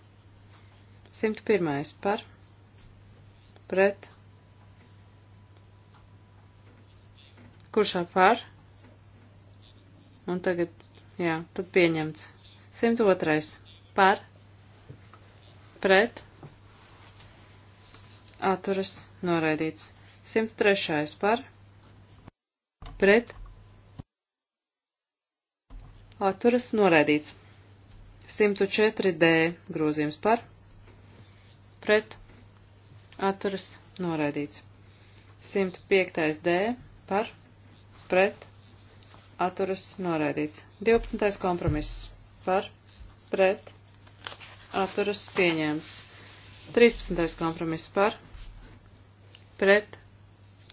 101. Par. Pret. Kurš ar par? Un tagad, jā, tad pieņemts. 102. Par. Pret. Atturas. Noraidīts. 103. par pret atturas noraidīts. 104D grozījums par pret atturas noraidīts. 105D par pret atturas noraidīts. 12. kompromiss par pret atturas pieņemts. 13. kompromiss par pret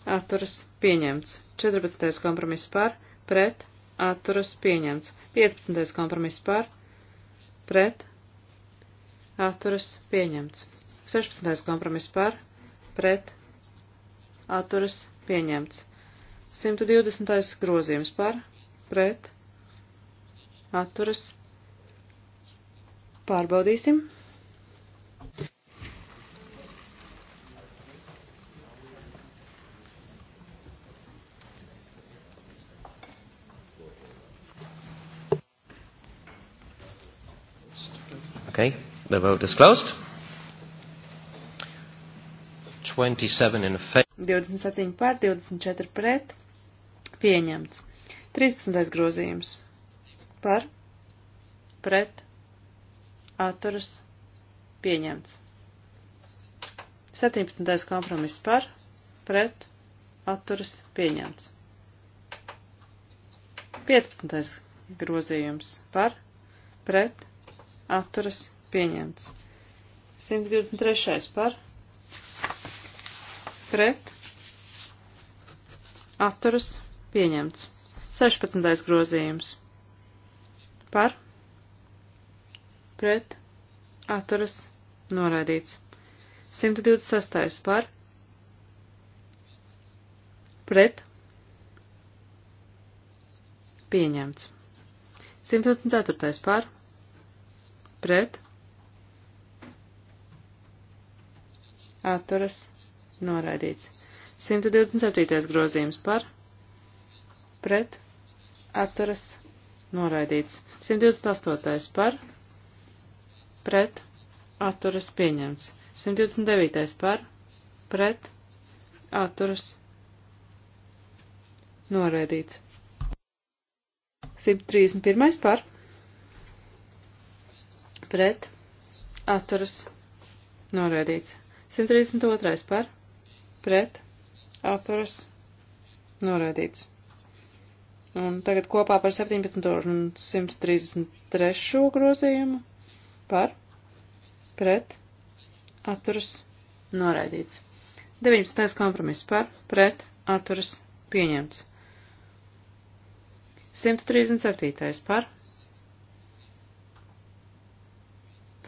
atturas pieņemts. 14. kompromiss par, pret, atturas pieņemts. 15. kompromiss par, pret, atturas pieņemts. 16. kompromiss par, pret, atturas pieņemts. 120. grozījums par, pret, atturas pārbaudīsim. Okay, the vote is closed. 27 in favor. 27 pār, 24 pret. Pieņemts. 13. grozījums. Par, pret, atturas, pieņemts. 17. kompromiss par, pret, atturas, pieņemts. 15. grozījums par, pret, atturas pieņemts. 123. par pret atturas pieņemts. 16. grozījums par pret atturas noraidīts. 126. par pret pieņemts. 124. par pret pret, atturas, noraidīts. 127. grozījums par, pret, atturas, noraidīts. 128. par, pret, atturas, pieņemts. 129. par, pret, atturas, noraidīts. 131. par, pret, atturas, noraidīts. 132. par, pret, atturas, noraidīts. Un tagad kopā par 17. un 133. grozījumu par, pret, atturas, noraidīts. 19. kompromiss par, pret, atturas, pieņemts. 137. par,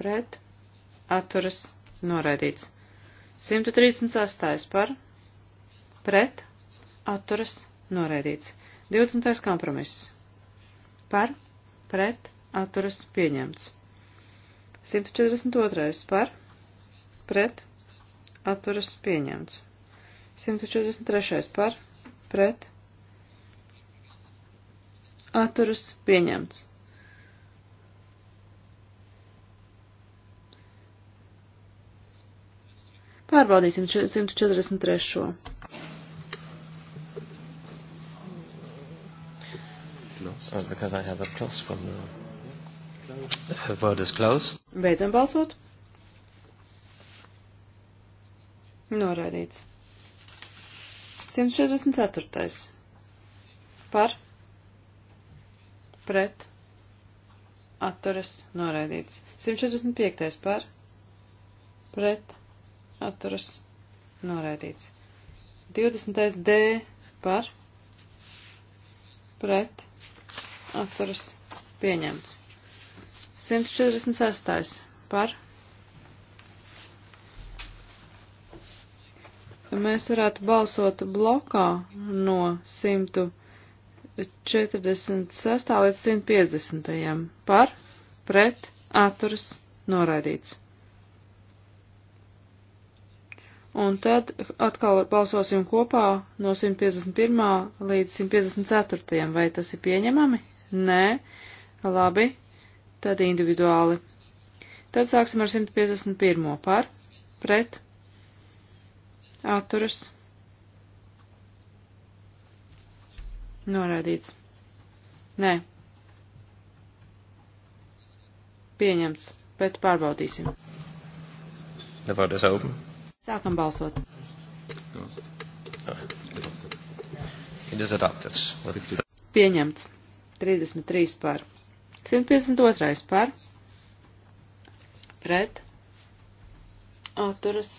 pret, atturas, noraidīts. 138. par, pret, atturas, noraidīts. 20. kompromiss. Par, pret, atturas, pieņemts. 142. par, pret, atturas, pieņemts. 143. par, pret, atturas, pieņemts. Pārbaudīsim 143. Oh, uh, because I have a plus from the vote is closed. Beidzam balsot. Noraidīts. 144. Par. Pret. Atturas. Noraidīts. 145. Par. Pret atturas noraidīts. 20. D par pret atturas pieņemts. 146. par. Mēs varētu balsot blokā no 146. līdz 150. par pret atturas noraidīts. un tad atkal balsosim kopā no 151. līdz 154. Vai tas ir pieņemami? Nē. Labi. Tad individuāli. Tad sāksim ar 151. par, pret, atturas, norādīts. Nē. Pieņemts, bet pārbaudīsim. The vote is open. Sākam balsot. Pieņemts. 33 par. 152 par. Pret. Atturas.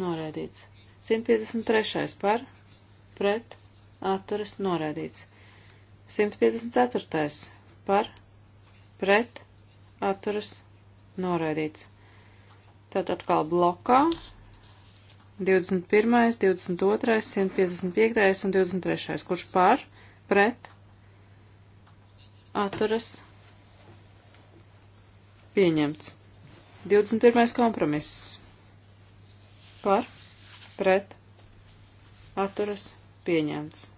Norēdīts. 153 par. Pret. Atturas. Norēdīts. 154 par. Pret. Atturas. Norēdīts. Tad atkal blokā 21., 22., 155. un 23. Kurš pār, pret, atturas, pieņemts. 21. kompromiss. Par, pret, atturas, pieņemts.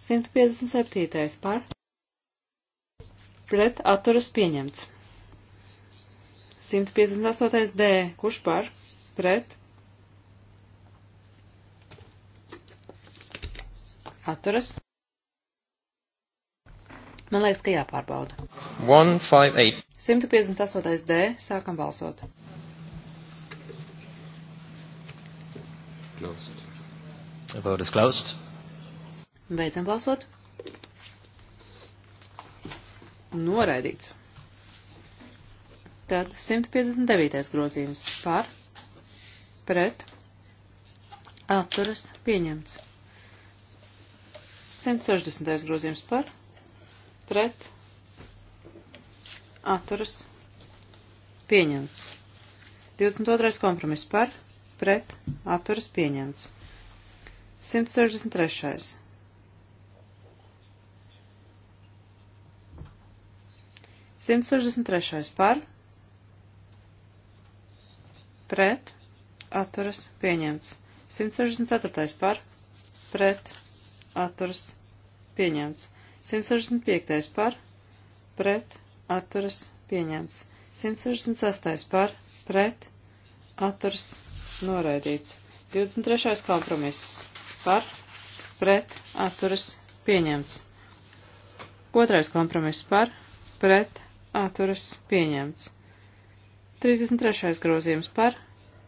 157. par, pret, atturas, pieņemts. 158. D. Kurš par, pret, Atturas. Man liekas, ka jāpārbauda. 158. 158. D. Sākam balsot. Closed. The vote is closed. Beidzam balsot. Noraidīts. Tad 159. grozījums par, pret, atturas, pieņemts. 160. grozījums par, pret, atturas, pieņemts. 22. kompromiss par, pret, atturas, pieņemts. 163. 163. par, pret, atturas, pieņemts. 164. par, pret, atturas pieņemts. 165. par pret atturas pieņemts. 166. par pret atturas noraidīts. 23. kompromiss par pret atturas pieņemts. Otrais kompromiss par pret atturas pieņemts. 33. grozījums par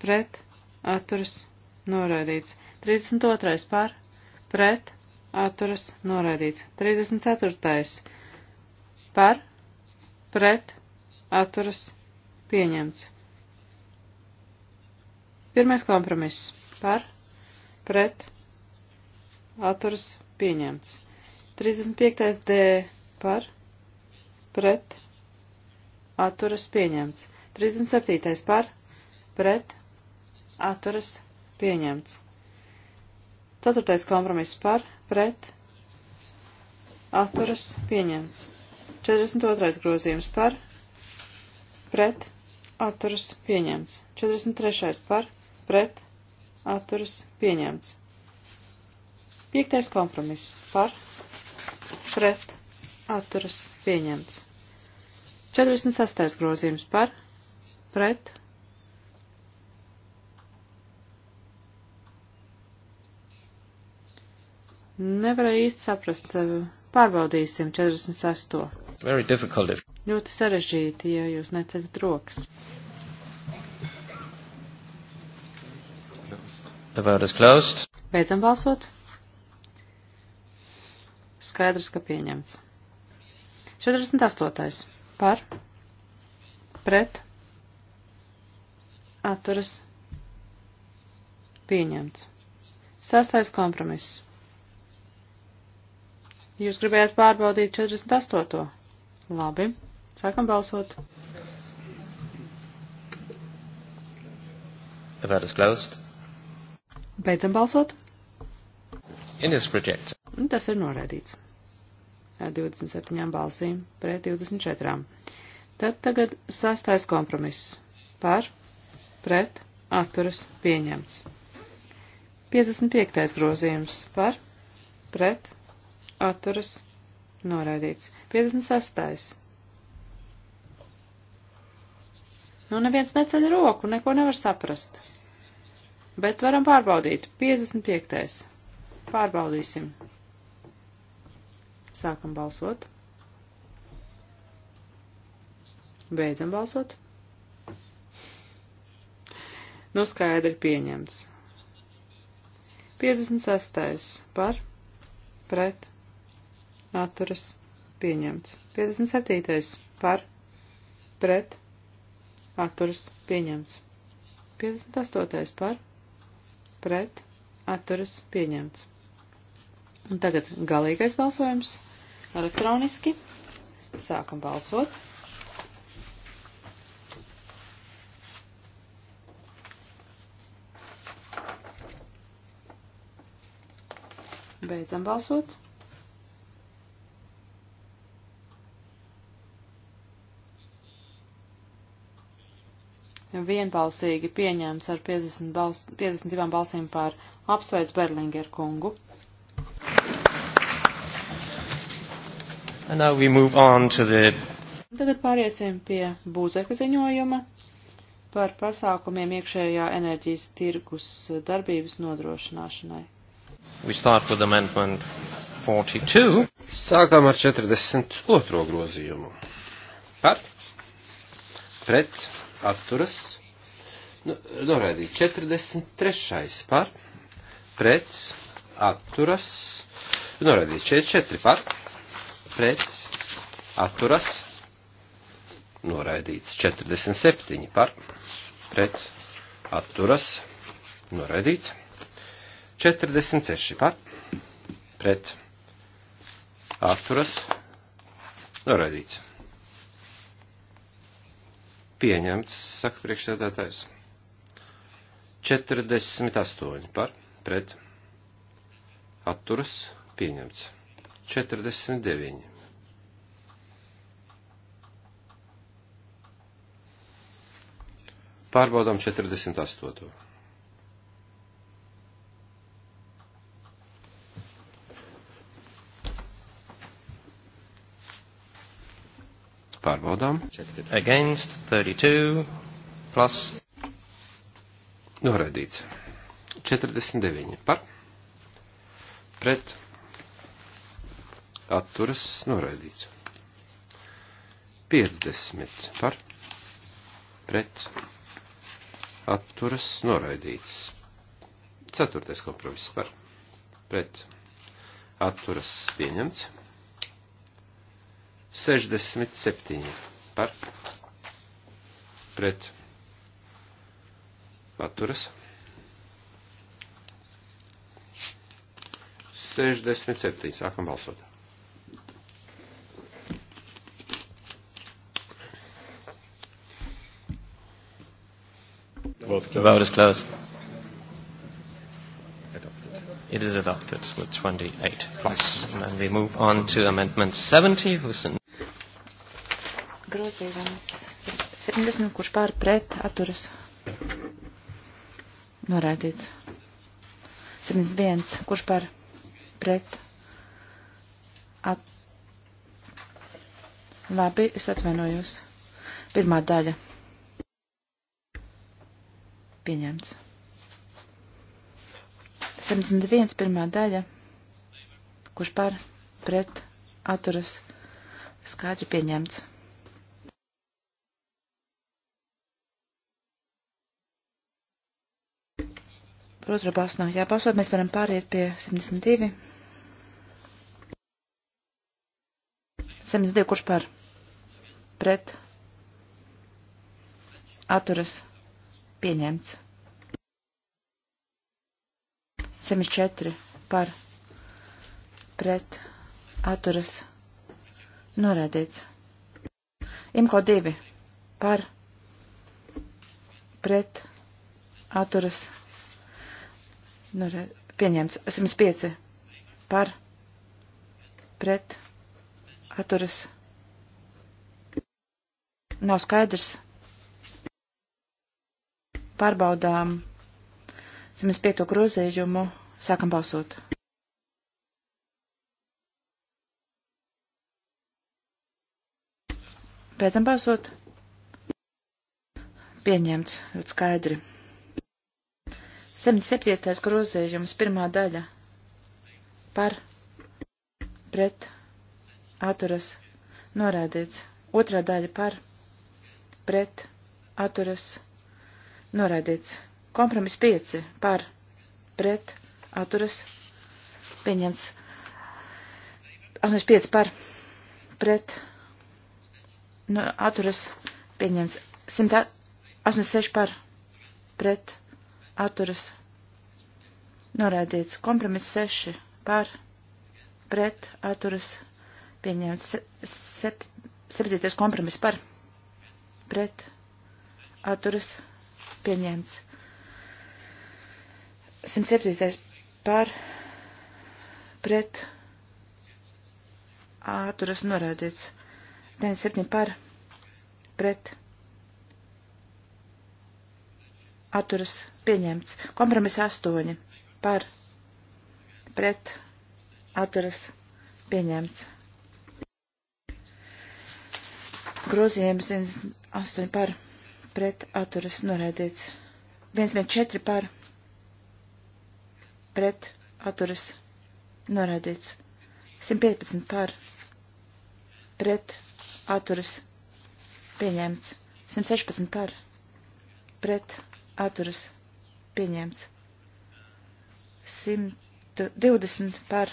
pret atturas noraidīts. 32. par pret atturas noraidīts. 34. par, pret, atturas pieņemts. Pirmais kompromiss par, pret, atturas pieņemts. 35. D par, pret, atturas pieņemts. 37. par, pret, atturas pieņemts. 4. kompromiss par, pret atturas pieņemts. 42. grozījums par pret atturas pieņemts. 43. par pret atturas pieņemts. 5. kompromiss par pret atturas pieņemts. 46. grozījums par pret atturas pieņemts. Nevarēju īsti saprast. Eh, pārbaudīsim 46. Ļoti sarežģīti, ja jūs neceļat rokas. The vote is closed. Beidzam balsot. Skaidrs, ka pieņemts. 48. Par. Pret. Atturas. Pieņemts. Sastais kompromiss. Jūs gribējāt pārbaudīt 48. Labi, sākam balsot. The vote is closed. Beidzam balsot. It is rejected. Un tas ir noraidīts. Ar 27 balsīm pret 24. Tad tagad sastais kompromiss. Par, pret, atturas, pieņemts. 55. grozījums par, pret, atturas noraidīts. 56. Nu, neviens neceļ roku, neko nevar saprast. Bet varam pārbaudīt. 55. Pārbaudīsim. Sākam balsot. Beidzam balsot. Nu, skaidri pieņemts. 56. par, pret, atturas pieņemts. 57. par pret atturas pieņemts. 58. par pret atturas pieņemts. Un tagad galīgais balsojums elektroniski. Sākam balsot. Beidzam balsot. vienbalsīgi pieņēmts ar 50 bals, 52 balsīm pār apsveic Berlingeru kungu. The... Tagad pāriesim pie būzeka ziņojuma par pasākumiem iekšējā enerģijas tirgus darbības nodrošināšanai. 42. Sākam ar 42. grozījumu. Par, pret, atturas, nu, noraidīt 43. par, pret, atturas, noraidīt 44 par, pret, atturas, noraidīts 47 par, pret, atturas, noraidīts 46 par, pret, atturas, noraidīts Pieņemts, saka priekšsēdētājs. 48 par, pret, atturas, pieņemts. 49. Pārbaudām 48. Pārbaudām. Against 32 plus. Noraidīts. 49 par. Pret. Atturas noraidīts. 50 par. Pret. Atturas noraidīts. Ceturtais kompromiss par. Pret. Atturas pieņemts. 67 par pret paturas. 67. Sākam balsot. The vote is closed. It is adopted with 28 plus. And then we move on to Amendment 70. Who's in grozījums 70, kurš pār pret atturas norādīts. 71, kurš pār pret at... Labi, es atvainojos. Pirmā daļa. Pieņemts. 71, pirmā daļa. Kurš pār pret atturas skaidri pieņemts. Par otro balsu nav jābalsot, mēs varam pāriet pie 72. 72, kurš par? Pret. Atturas. Pieņemts. 74 par pret atturas norādīts. Imko 2 par pret atturas norādīts Nu, re, pieņemts 105 par pret atturas. Nav skaidrs. Pārbaudām 105 grozējumu. Sākam balsot. Pēcam balsot. Pieņemts ļoti skaidri. 77. grozījums, pirmā daļa par pret atturas norādīts. Otrā daļa par pret atturas norādīts. Kompromis 5 par pret atturas pieņemts. 85 par pret nu, atturas pieņemts. 186 par pret atturas norādīts. Kompromiss 6 par pret atturas pieņemts. Sep, septītais kompromiss par pret atturas pieņemts. 107. par pret atturas norādīts. 97 par pret atturas norādīts atturas pieņemts. Kompromiss 8 par pret atturas pieņemts. Grozījums 8 par pret atturas norēdīts. 114 par pret atturas norēdīts. 115 par pret atturas pieņemts. 116 par pret atturas pieņemts pieņemts. 120 par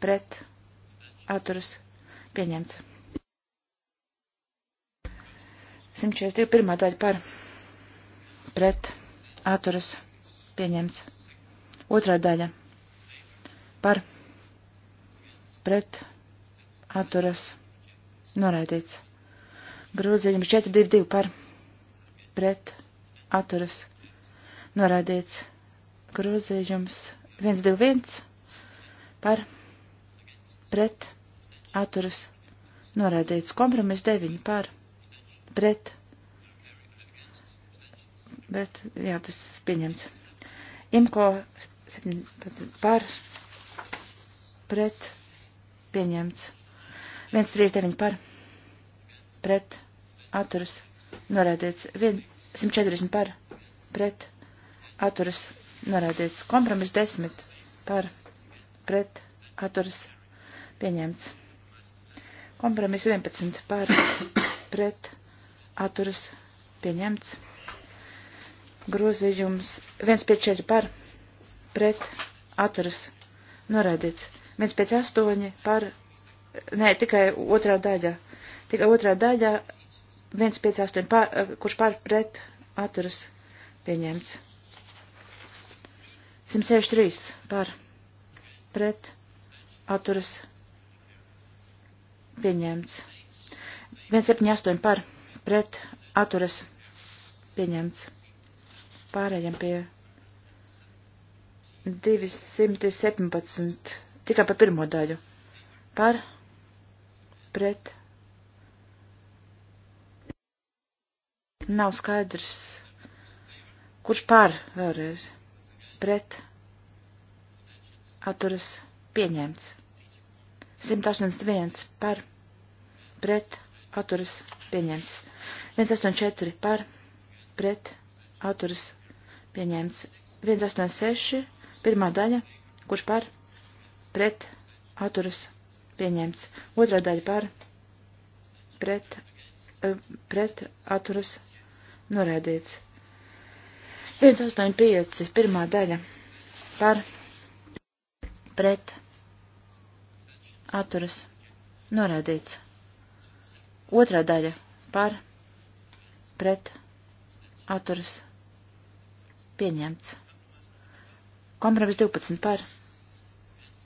pret atturas pieņemts. 142 pirmā daļa par pret atturas pieņemts. Otrā daļa par pret atturas noraidīts. Grūzījums 422 par pret atturas pieņemts Norādīts grozījums 121 par pret atturas. Norādīts kompromiss 9 par pret. Bet, jā, tas pieņemts. Imko 17 par pret pieņemts. 139 par pret atturas. Norādīts 140 par pret atturas atturas norādīts. Kompromiss 10 par pret atturas pieņemts. Kompromiss 11 par pret atturas pieņemts. Grozījums 154 par pret atturas norādīts. 158 par, nē, tikai otrā daļa. Tikai otrā daļa 158, pār, kurš pār pret atturas pieņemts. 163 par pret atturas pieņemts. 178 par pret atturas pieņemts. Pārējiem pie 217 tikai par pirmo daļu. Par pret. Nav skaidrs. Kurš par vēlreiz? pret atturas pieņemts. 181 par pret atturas pieņemts. 184 par pret atturas pieņemts. 186 pirmā daļa, kurš par pret atturas pieņemts. Otrā daļa par pret, eh, pret atturas norēdīts. 185, pirmā daļa par pret atturas norādīts. Otrā daļa par pret atturas pieņemts. Kompromis 12 par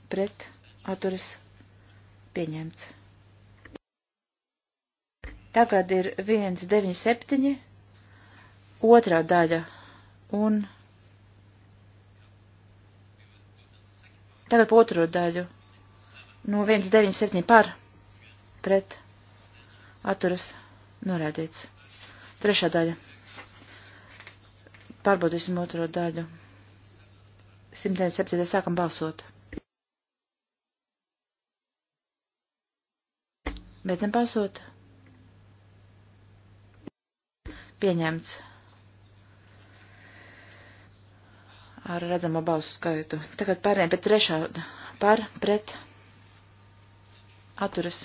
pret atturas pieņemts. Tagad ir 197, otrā daļa Un tagad otro daļu. No 197 par pret atturas norādīts. Trešā daļa. Pārbaudīsim otro daļu. 197. sākam balsot. Beidzam balsot. Pieņemts. ar redzamo balsu skaitu. Tagad pārējiem pie trešā par pret atturas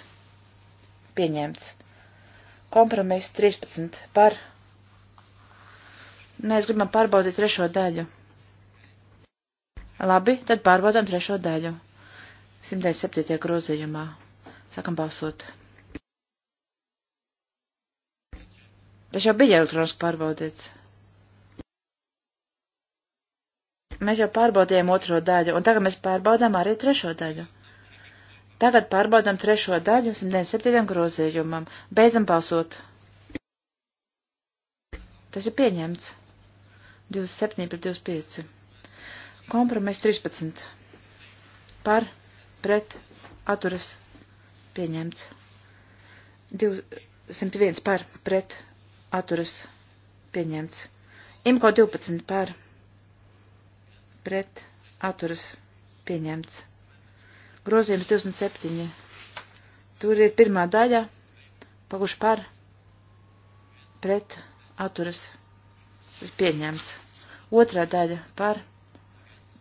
pieņemts. Kompromiss 13 par. Mēs gribam pārbaudīt trešo daļu. Labi, tad pārbaudām trešo daļu. 107. grozījumā. Sākam balsot. Tas jau bija elektroniski pārbaudīts. Mēs jau pārbaudījām otro daļu, un tagad mēs pārbaudām arī trešo daļu. Tagad pārbaudām trešo daļu 197. grozījumam. Beidzam balsot. Tas ir pieņemts. 27 pret 25. Kompromiss 13. Par, pret, atturas, pieņemts. 201 par, pret, atturas, pieņemts. Imko 12 par, pret pret atturas pieņemts. Grozījums 27. Tur ir pirmā daļa, paguš par, pret atturas pieņemts. Otrā daļa par,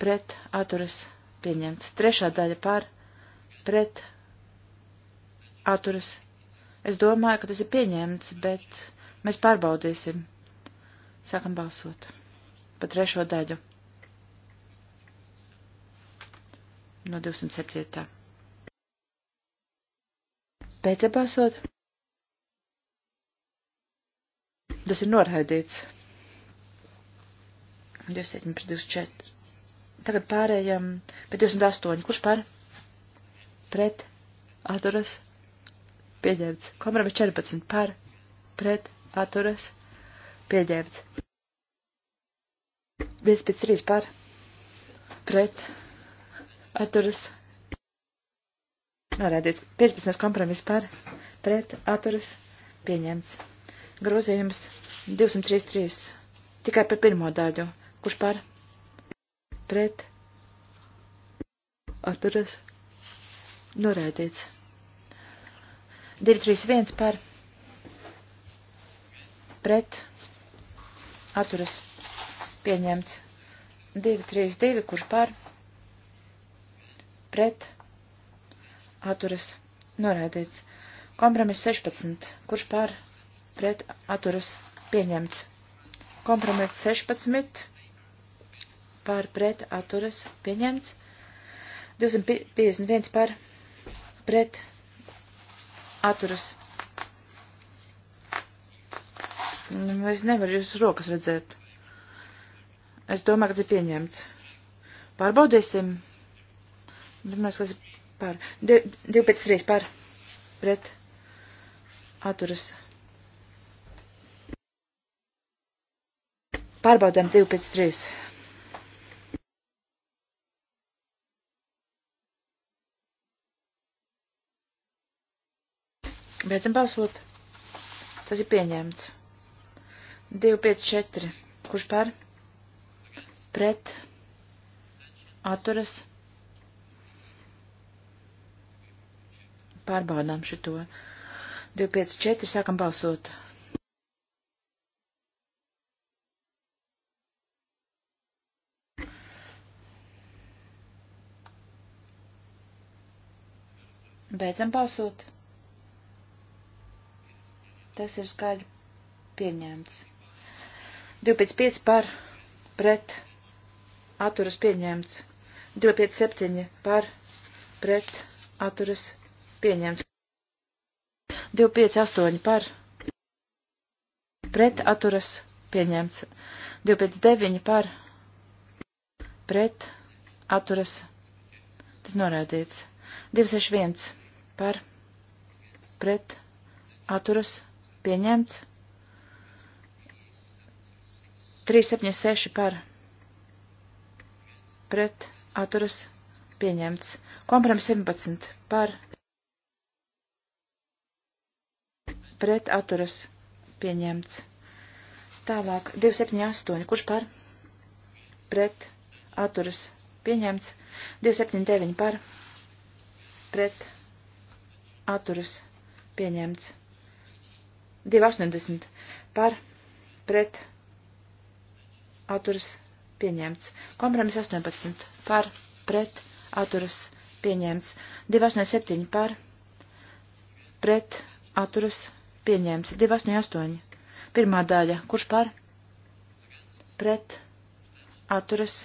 pret atturas pieņemts. Trešā daļa par, pret atturas. Es domāju, ka tas ir pieņemts, bet mēs pārbaudīsim. Sākam balsot. Pa trešo daļu. no 207. Beidzot balsot. Tas ir noraidīts. 27 pret 24. Tagad pārējām pie 28. Kurš par? Pret. Atturas. Pieģērbts. Komrava 14. Par. Pret. Atturas. Pieģērbts. 5 pēc 3 par. Pret atturas norādīts. 15. kompromiss par pret atturas pieņemts. Grozījums 233. Tikai par pirmo daļu. Kurš par pret atturas norādīts. 231 par pret atturas pieņemts. 232 kurš par pret pret atturas noraidīts. Kompromiss 16. Kurš par pret atturas pieņemts? Kompromiss 16. Par pret atturas pieņemts. 251 par pret atturas. Nu, es nevaru jūs rokas redzēt. Es domāju, ka tas ir pieņemts. Pārbaudīsim. Pirmais, kas par. 12.3 par. Pret. Atturas. Pārbaudām 2.3. Beidzam balsot. Tas ir pieņemts. 254. Kurš par? Pret. Atturas. Pārbaudām šito. 254 sākam balsot. Beidzam balsot. Tas ir skaļi pieņemts. 255 par pret atturas pieņemts. 257 par pret atturas pieņemts pieņemts. 258 par pret atturas pieņemts. 259 par pret atturas. Tas norādīts. 261 par pret atturas pieņemts. 376 par pret atturas pieņemts. Kompromis 17 par pret pret atturas pieņemts. Tālāk 278, kurš par pret atturas pieņemts. 279 par pret atturas pieņemts. 280 par pret atturas pieņemts. Kompromis 18 par pret atturas pieņemts. 287 par pret atturas pieņemts Pieņemts. 288. Pirmā daļa. Kurš par? Pret. Atturas.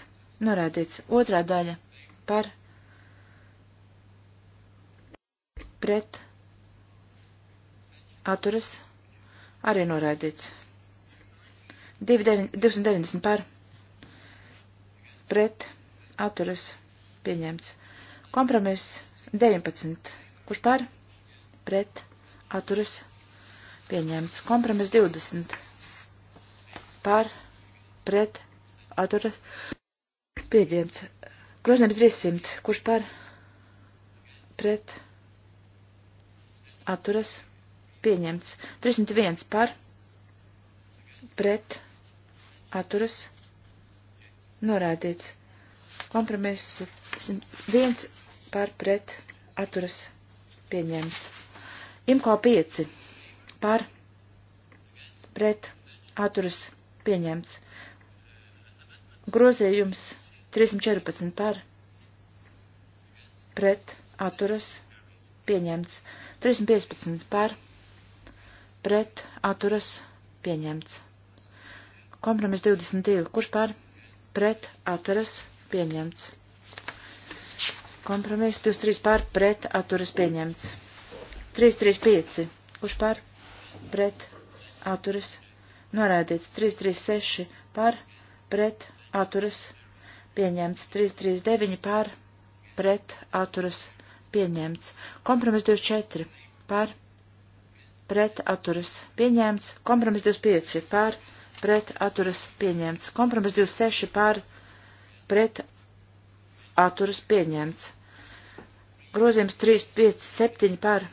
Norādīts. Otrā daļa. Par. Pret. Atturas. Arī norādīts. 290 par. Pret. Atturas. Pieņemts. Kompromiss 19. Kurš par? Pret. Atturas pieņemts. Kompromis 20 par pret atturas pieņemts. Grozījums 300, kurš par pret atturas pieņemts. 301 par pret atturas norādīts. Kompromis 101 par pret atturas pieņemts. Imko 5 par pret atturas pieņemts. Grozījums 314 par pret atturas pieņemts. 315 par pret atturas pieņemts. Kompromis 22. Kurš par pret atturas pieņemts? Kompromis 23 par pret atturas pieņemts. 335. Kurš par pret? pret atturas noraidīts 336 par pret atturas pieņemts 339 par pret atturas pieņemts. Kompromiss 24 par pret atturas pieņemts. Kompromiss 25 par pret atturas pieņemts. Kompromiss 26 par pret atturas pieņemts. Grozījums 357 par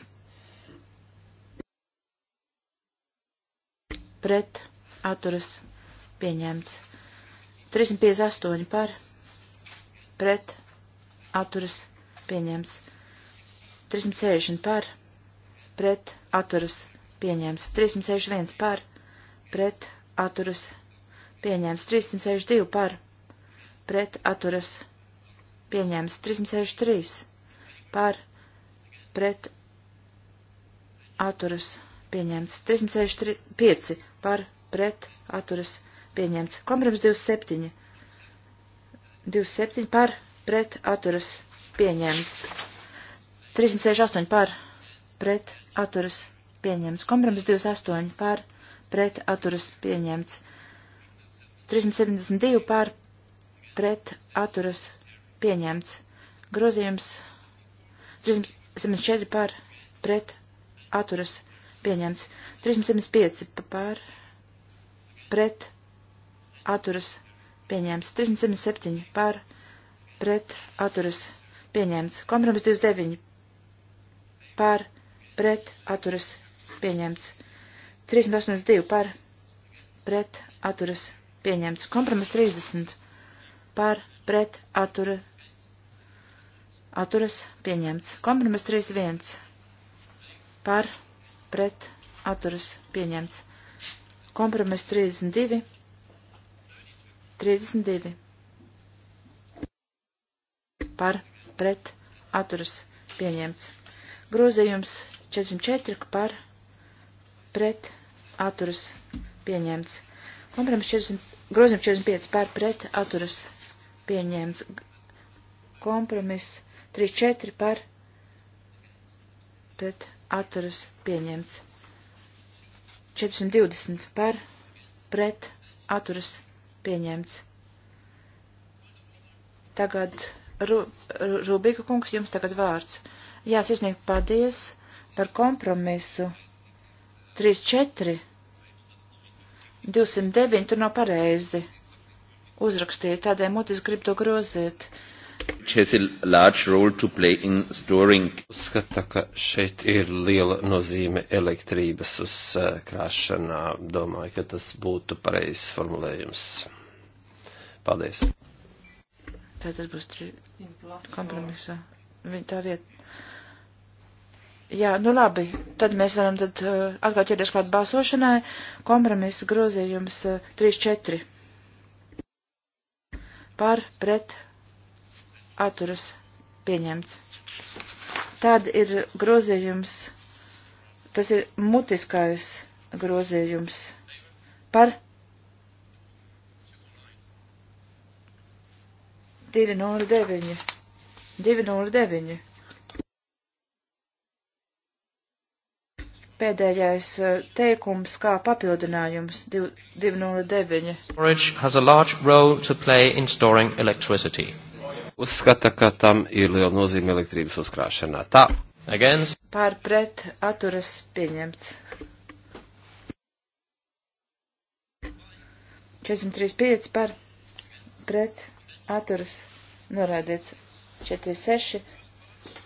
pret atturas pieņemts. 358 par pret atturas pieņemts. 360 par pret atturas pieņemts. 361 par pret atturas pieņemts. 362 par pret atturas pieņemts. 363 par pret atturas pieņemts pieņemts. 365 par pret atturas pieņemts. Kompromis 27. 27 par pret atturas pieņemts. 368 par pret atturas pieņemts. Kompromis 28 par pret atturas pieņemts. 372 par pret atturas pieņemts. Grozījums 374 par pret atturas pieņemts pieņemts. 375 par pret atturas pieņemts. 377 par pret atturas pieņemts. Kompromiss 29 par pret atturas pieņemts. 382 par pret atturas pieņemts. Kompromiss 30 par pret attura, atturas pieņemts. Kompromiss 31 par pret pret atturas pieņemts. Kompromiss 32. 32. Par pret atturas pieņemts. Grozījums 404 par pret atturas pieņemts. Kompromiss 40, grozījums 45 par pret atturas pieņemts. Kompromiss 34 par pret atturas pieņemts. 420 par pret atturas pieņemts. Tagad Ru, Rubika kungs jums tagad vārds. Jā, sirsnīgi paldies par kompromisu. 3-4. 209 tur nav pareizi. Uzrakstīja tādēļ mutis grib to grozīt. Uzskata, ka šeit ir liela nozīme elektrības uzkrāšanā. Domāju, ka tas būtu pareizs formulējums. Paldies. Tātad būs kompromisa. Viņa tā vieta. Jā, nu labi, tad mēs varam tad uh, atkal ķerties klāt balsošanai. Kompromisa grozījums uh, 3-4. Par, pret, atturas pieņemts. Tad ir grozījums, tas ir mutiskais grozījums par divi nulli deviņi, divi nulli deviņi. pēdējais eh, teikums kā papildinājums 209. Storage has a large role to play in storing electricity uzskata, ka tam ir liela nozīme elektrības uzkrāšanā. Tā. Against. Pār pret atturas pieņemts. 43.5 par pret atturas norādīts. 46.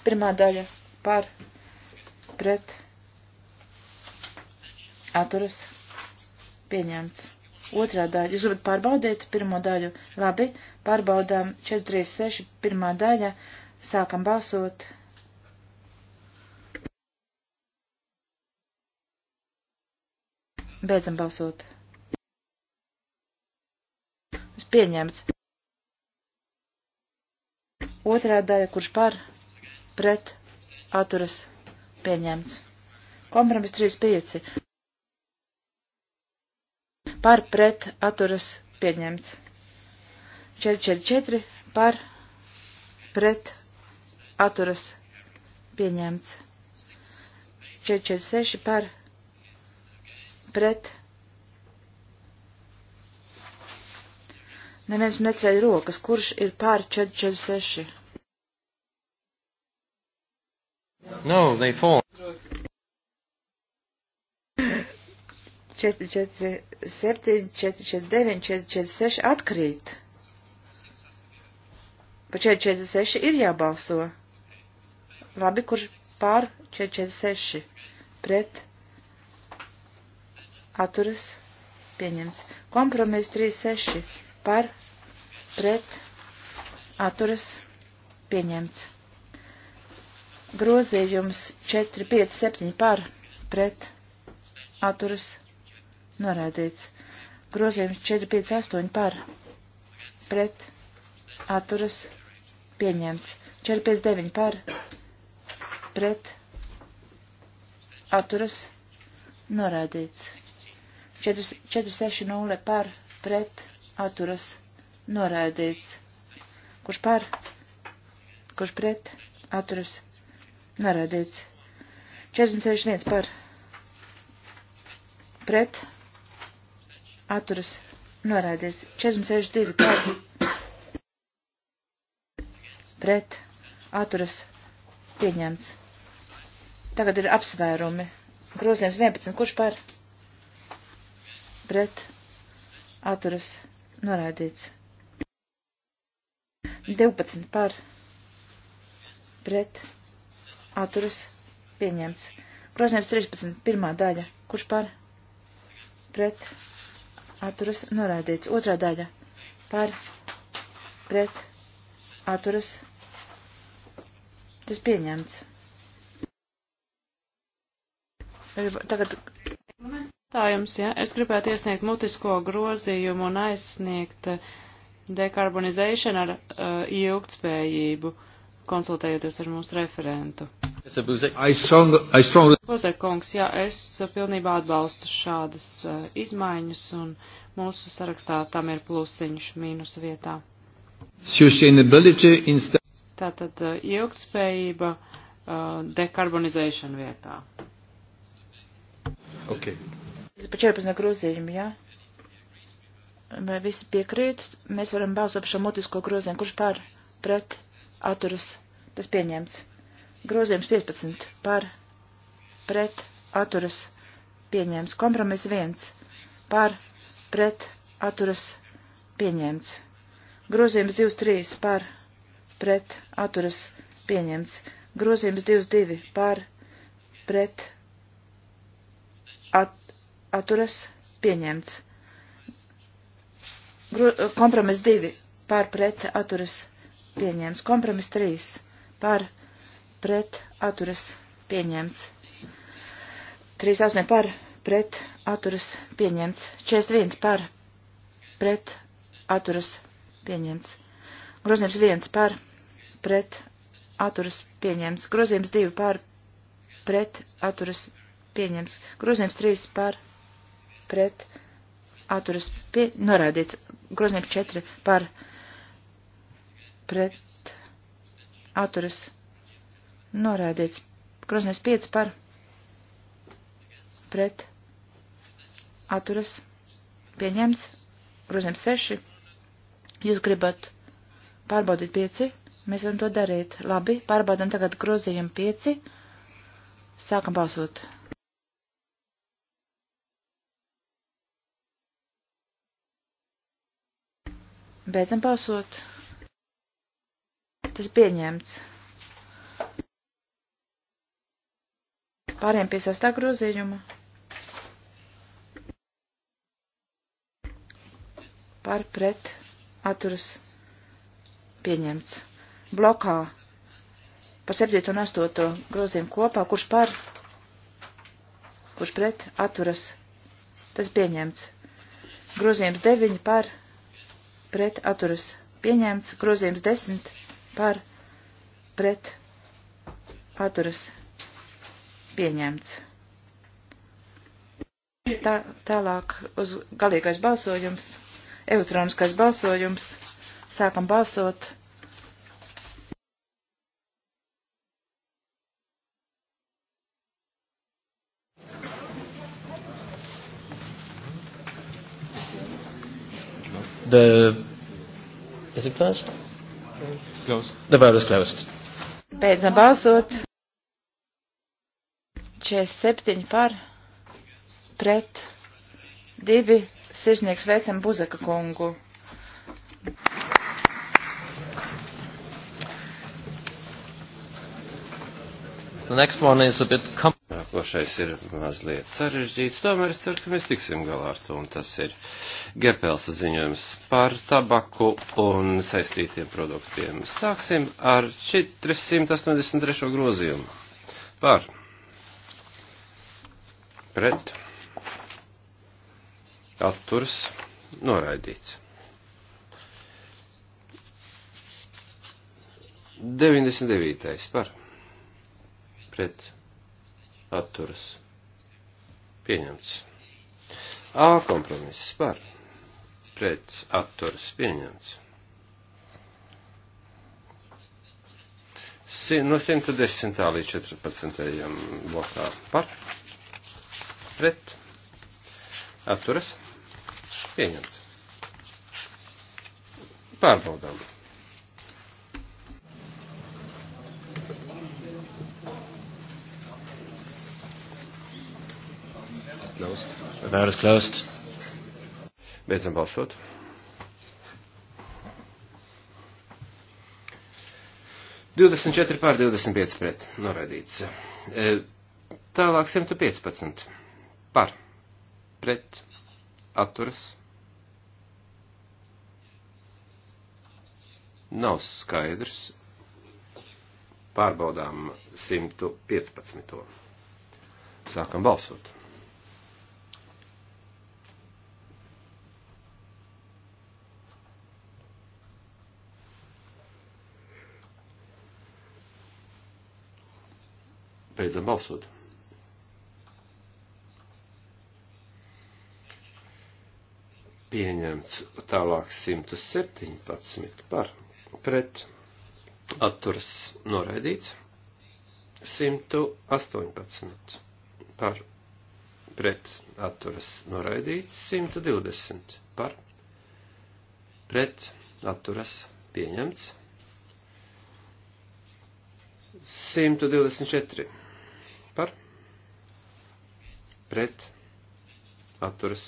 Pirmā daļa par pret atturas pieņemts. Otrā daļa. Jūs gribat pārbaudīt pirmo daļu? Labi, pārbaudām 436, pirmā daļa. Sākam balsot. Beidzam balsot. Es pieņemts. Otrā daļa, kurš par, pret, atturas, pieņemts. Kompromis 35 par pret atturas pieņemts. 444 par pret atturas pieņemts. 446 par pret. Neviens neceļ rokas, kurš ir pār 446. No, they fall. 447, 449, 446 atkrīt. Par 446 ir jābalso. Labi, kurš pār 446 pret atturas pieņemts. Kompromiss 36 par pret atturas pieņemts. Grozījums 457 par pret atturas pieņemts Norādīts. Grozījums 458 par. Pret. Atturas. Pieņemts. 459 par. Pret. Atturas. Norādīts. 460 par. Pret. Atturas. Norādīts. Kurš par? Kurš pret? Atturas. Norādīts. 461 par. Pret atturas norādīts. 462 par pret atturas pieņemts. Tagad ir apsvērumi. Grozījums 11. Kurš par pret atturas norādīts? 12 par pret atturas pieņemts. Grozījums 13. Pirmā daļa. Kurš par pret atturas? atturas norādīts. Otrā daļa par pret atturas tas pieņemts. Tagad. Tājums, ja, es gribētu iesniegt mutisko grozījumu un aizsniegt eh, dekarbonizēšanu ar uh, ilgtspējību, konsultējoties ar mūsu referentu. Buzek kungs, jā, es pilnībā atbalstu šādas eh, izmaiņas un mūsu sarakstā tam ir plusiņš mīnus vietā. Tātad eh, ilgtspējība eh, dekarbonizēšana vietā. Ok. Pa 14 grozījumu, jā. Vai visi piekrīt? Mēs varam balsot par šo mutisko grozījumu. Kurš par? Pret? Atturas? Tas pieņemts. Grozījums 15 par pret atturas pieņēmts. Kompromiss 1 par pret atturas pieņēmts. Grozījums 23 par pret atturas pieņemts. Grozījums 22 par pret at, atturas pieņemts. Gro, kompromis 2 par pret atturas pieņemts. Kompromis 3 par pret pret atturas pieņemts. 38 par pret atturas pieņemts. 41 par pret atturas pieņemts. Grozījums 1 par pret atturas pieņemts. Grozījums 2 par pret atturas pieņemts. Grozījums 3 par pret atturas pie, norādīts. Grozījums 4 par pret atturas pieņemts Noraidīts. Grozījums 5 par pret atturas pieņemts. Grozījums 6. Jūs gribat pārbaudīt 5? Mēs varam to darīt. Labi, pārbaudam tagad grozījumu 5. Sākam balsot. Beidzam balsot. Tas pieņemts. Pāriem pie sastā grozījuma. Par pret atturas pieņemts. Blokā pa 7 un 8 grozījumu kopā, kurš par, kurš pret atturas, tas pieņemts. Grozījums 9 par pret atturas pieņemts. Grozījums 10 par pret atturas pieņemts Pieņemts. Tā, tālāk uz galīgais balsojums, elektroniskais balsojums. Sākam balsot. The is it closed? Closed. The vote is closed. Beidzam balsot. 47 par pret divi sirsnieks veicam Buzaka kungu. The next one is a bit com Nākošais ir mazliet sarežģīts, tomēr es ceru, ka mēs tiksim galā ar to, un tas ir Gepels ziņojums par tabaku un saistītiem produktiem. Sāksim ar 483. grozījumu. Pār pret, atturs, noraidīts. 99. par, pret, atturs, pieņemts. A kompromiss par, pret, atturs, pieņemts. no 110. līdz 14. blokā par pret atturas pieņemts. Pārbaudām. Vērs klāsts. Beidzam balsot. Divdesmit četri pār divdesmit pieci pret noraidīts. E, tālāk simt piecpadsmit par pret atturas. Nav skaidrs. Pārbaudām 115. Sākam balsot. Beidzam balsot. pieņemts tālāk 117 par pret atturas noraidīts 118 par pret atturas noraidīts 120 par pret atturas pieņemts 124 par pret atturas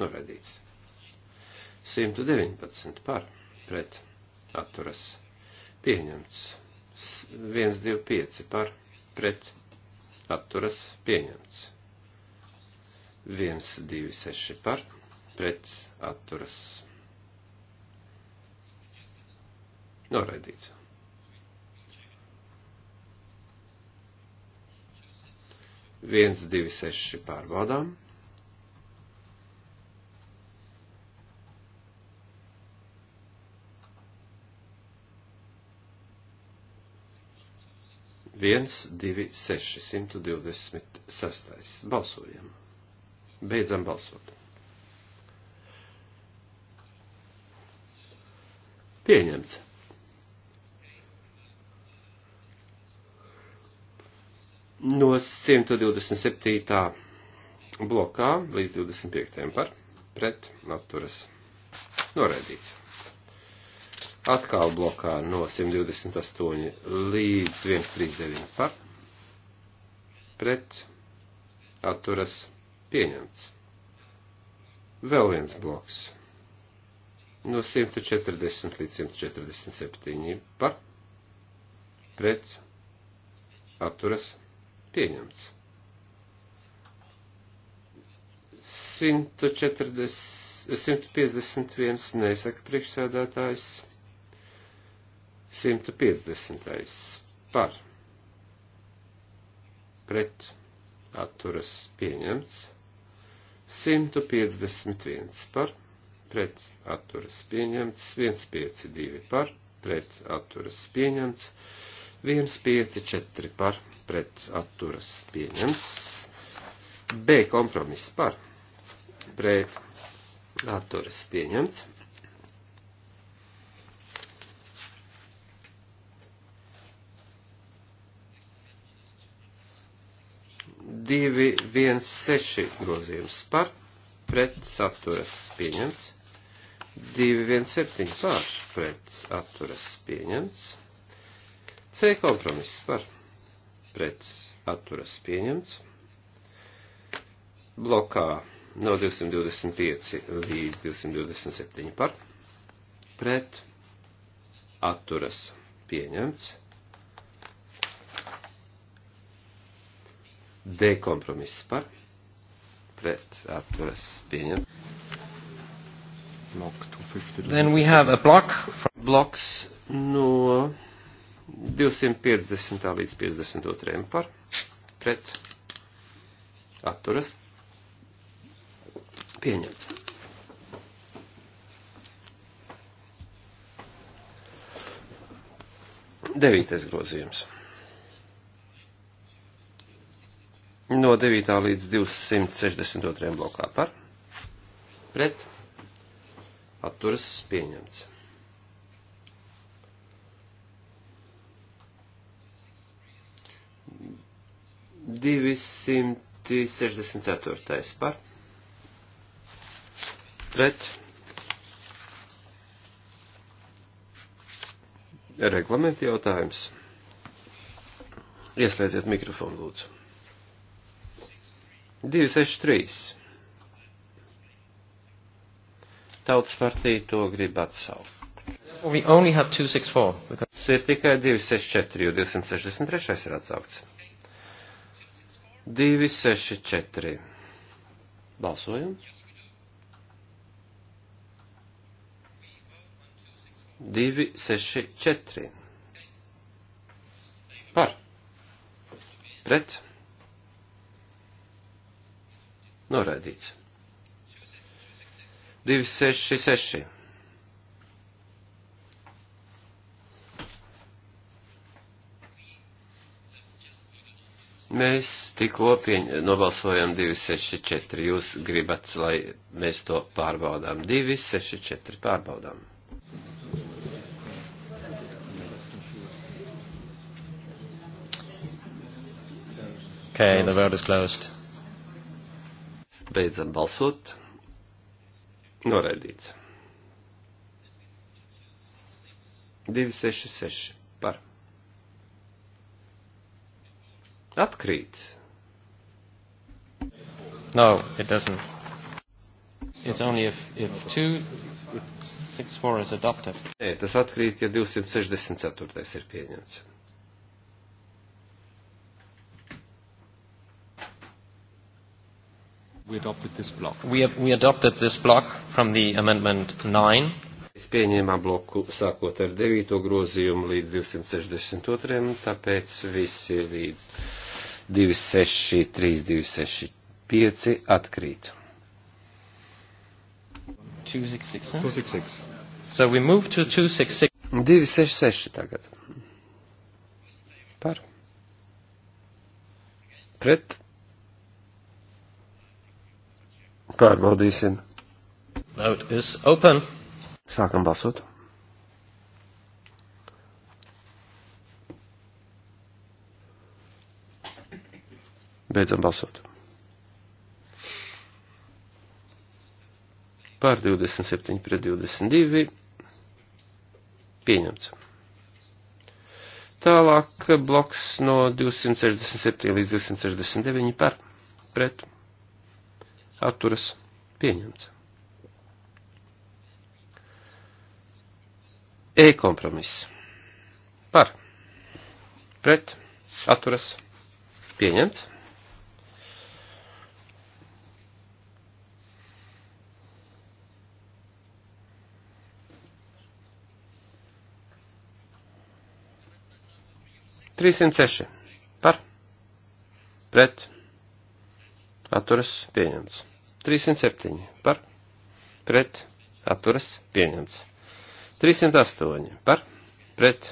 noraidīts. 119 par pret atturas pieņemts. 125 par pret atturas pieņemts. 126 par pret atturas noraidīts. Viens, divi, seši pārbaudām. 1, 2, 6, 126. Balsojam. Beidzam balsot. Pieņemts. No 127. blokā līdz 25. par pret atturas noraidīts atkal blokā no 128 līdz 139 par pret atturas pieņemts. Vēl viens bloks no 140 līdz 147 par pret atturas pieņemts. 140, 151 nesaka priekšsēdētājs. 150. par pret atturas pieņemts. 151 par pret atturas pieņemts. 152 par pret atturas pieņemts. 154 par pret atturas pieņemts. B kompromiss par pret atturas pieņemts. 216 grozījums par, pret saturas pieņemts. 217 par, pret saturas pieņemts. C kompromiss par, pret saturas pieņemts. Blokā no 225 līdz 227 par, pret atturas pieņemts. D kompromiss par pret atturas pieņem. Then we have a block from blocks no 250. līdz 52. par pret atturas pieņemts. Devītais grozījums. no 9. līdz 262. blokā par pret atturas pieņemts. Divisimti sešdesmit ceturtais par pret reglamenta jautājums. Ieslēdziet mikrofonu, lūdzu. 263. Tautas partija to grib atsaukt. We only have 264. Because... Ir tikai 264, jo 263 ir atsaukts. 264. Balsojam. Divi, seši, četri. Par. Pret. Noraidīts. 266. Mēs tikko pieņ... nobalsojam 264. Jūs gribat, lai mēs to pārbaudām. 264 pārbaudām. Okay, the vote is closed. Beidzam balsot. Noraidīts. 266 par. Atkrīt. No, it doesn't. It's only if, if 264 is adopted. Nē, tas atkrīt, ja 264 ir pieņemts. We adopted this block. We, we adopted this block from the amendment 9. Mēs pieņēmām bloku sākot ar 9. grozījumu līdz 262. Tāpēc visi līdz 263, 265 atkrīt. 266. 266. So we move to 266. 266 tagad. Par. Pret. Pārbaudīsim. Vote is open. Sākam balsot. Beidzam balsot. Pār 27 pret 22 pieņemts. Tālāk bloks no 267 līdz 269 par pret atturas pieņemts. E kompromiss par pret atturas pieņemts. Trīsimt seši par pret atturas pieņemts. 307 par pret atturas pieņemts. 308 par pret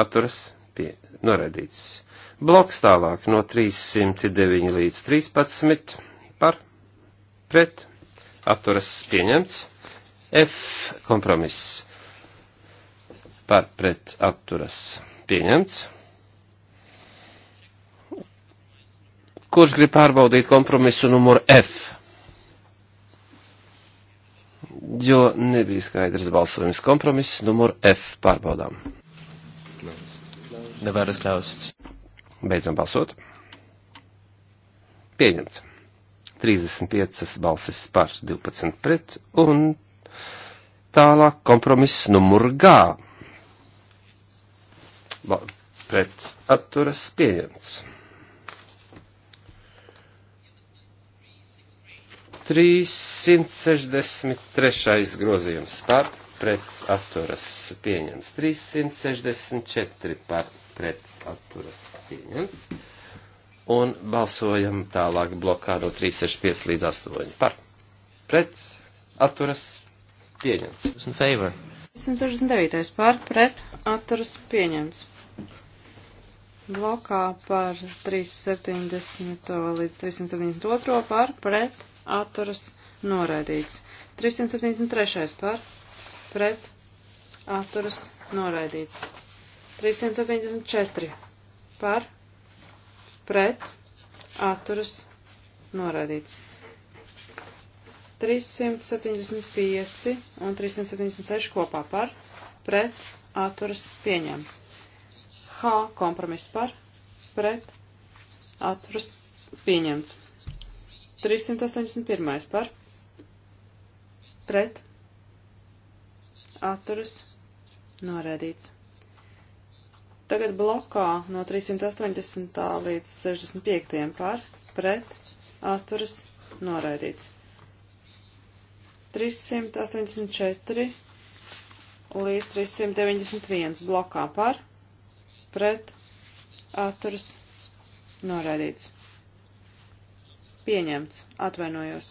atturas pie, noraidīts. Bloks tālāk no 309 līdz 13 par pret atturas pieņemts. F kompromiss par pret atturas pieņemts. Kurš grib pārbaudīt kompromisu numuru F? jo nebija skaidrs balsojums kompromiss numur F pārbaudām. Nevaras klausīts. Beidzam balsot. Pieņemts. 35 balsis par 12 pret un tālāk kompromiss numur G. Ba pret atturas pieņemts. 363. grozījums par pretsaturas pieņems. 364 par pretsaturas pieņems. Un balsojam tālāk blokā no 365 līdz 8 par pretsaturas pieņems. 169. par pretsaturas pieņems. Blokā par 370 līdz 372 par pret atturas noraidīts. 373. par pret atturas noraidīts. 374. par pret atturas noraidīts. 375 un 376 kopā par pret atturas pieņemts. H kompromiss par pret atturas pieņemts. 381. par pret atturas norēdīts. Tagad blokā no 380. līdz 65. par pret atturas norēdīts. 384 līdz 391 blokā par pret atturas norēdīts. Pieņemts. Atvainojos.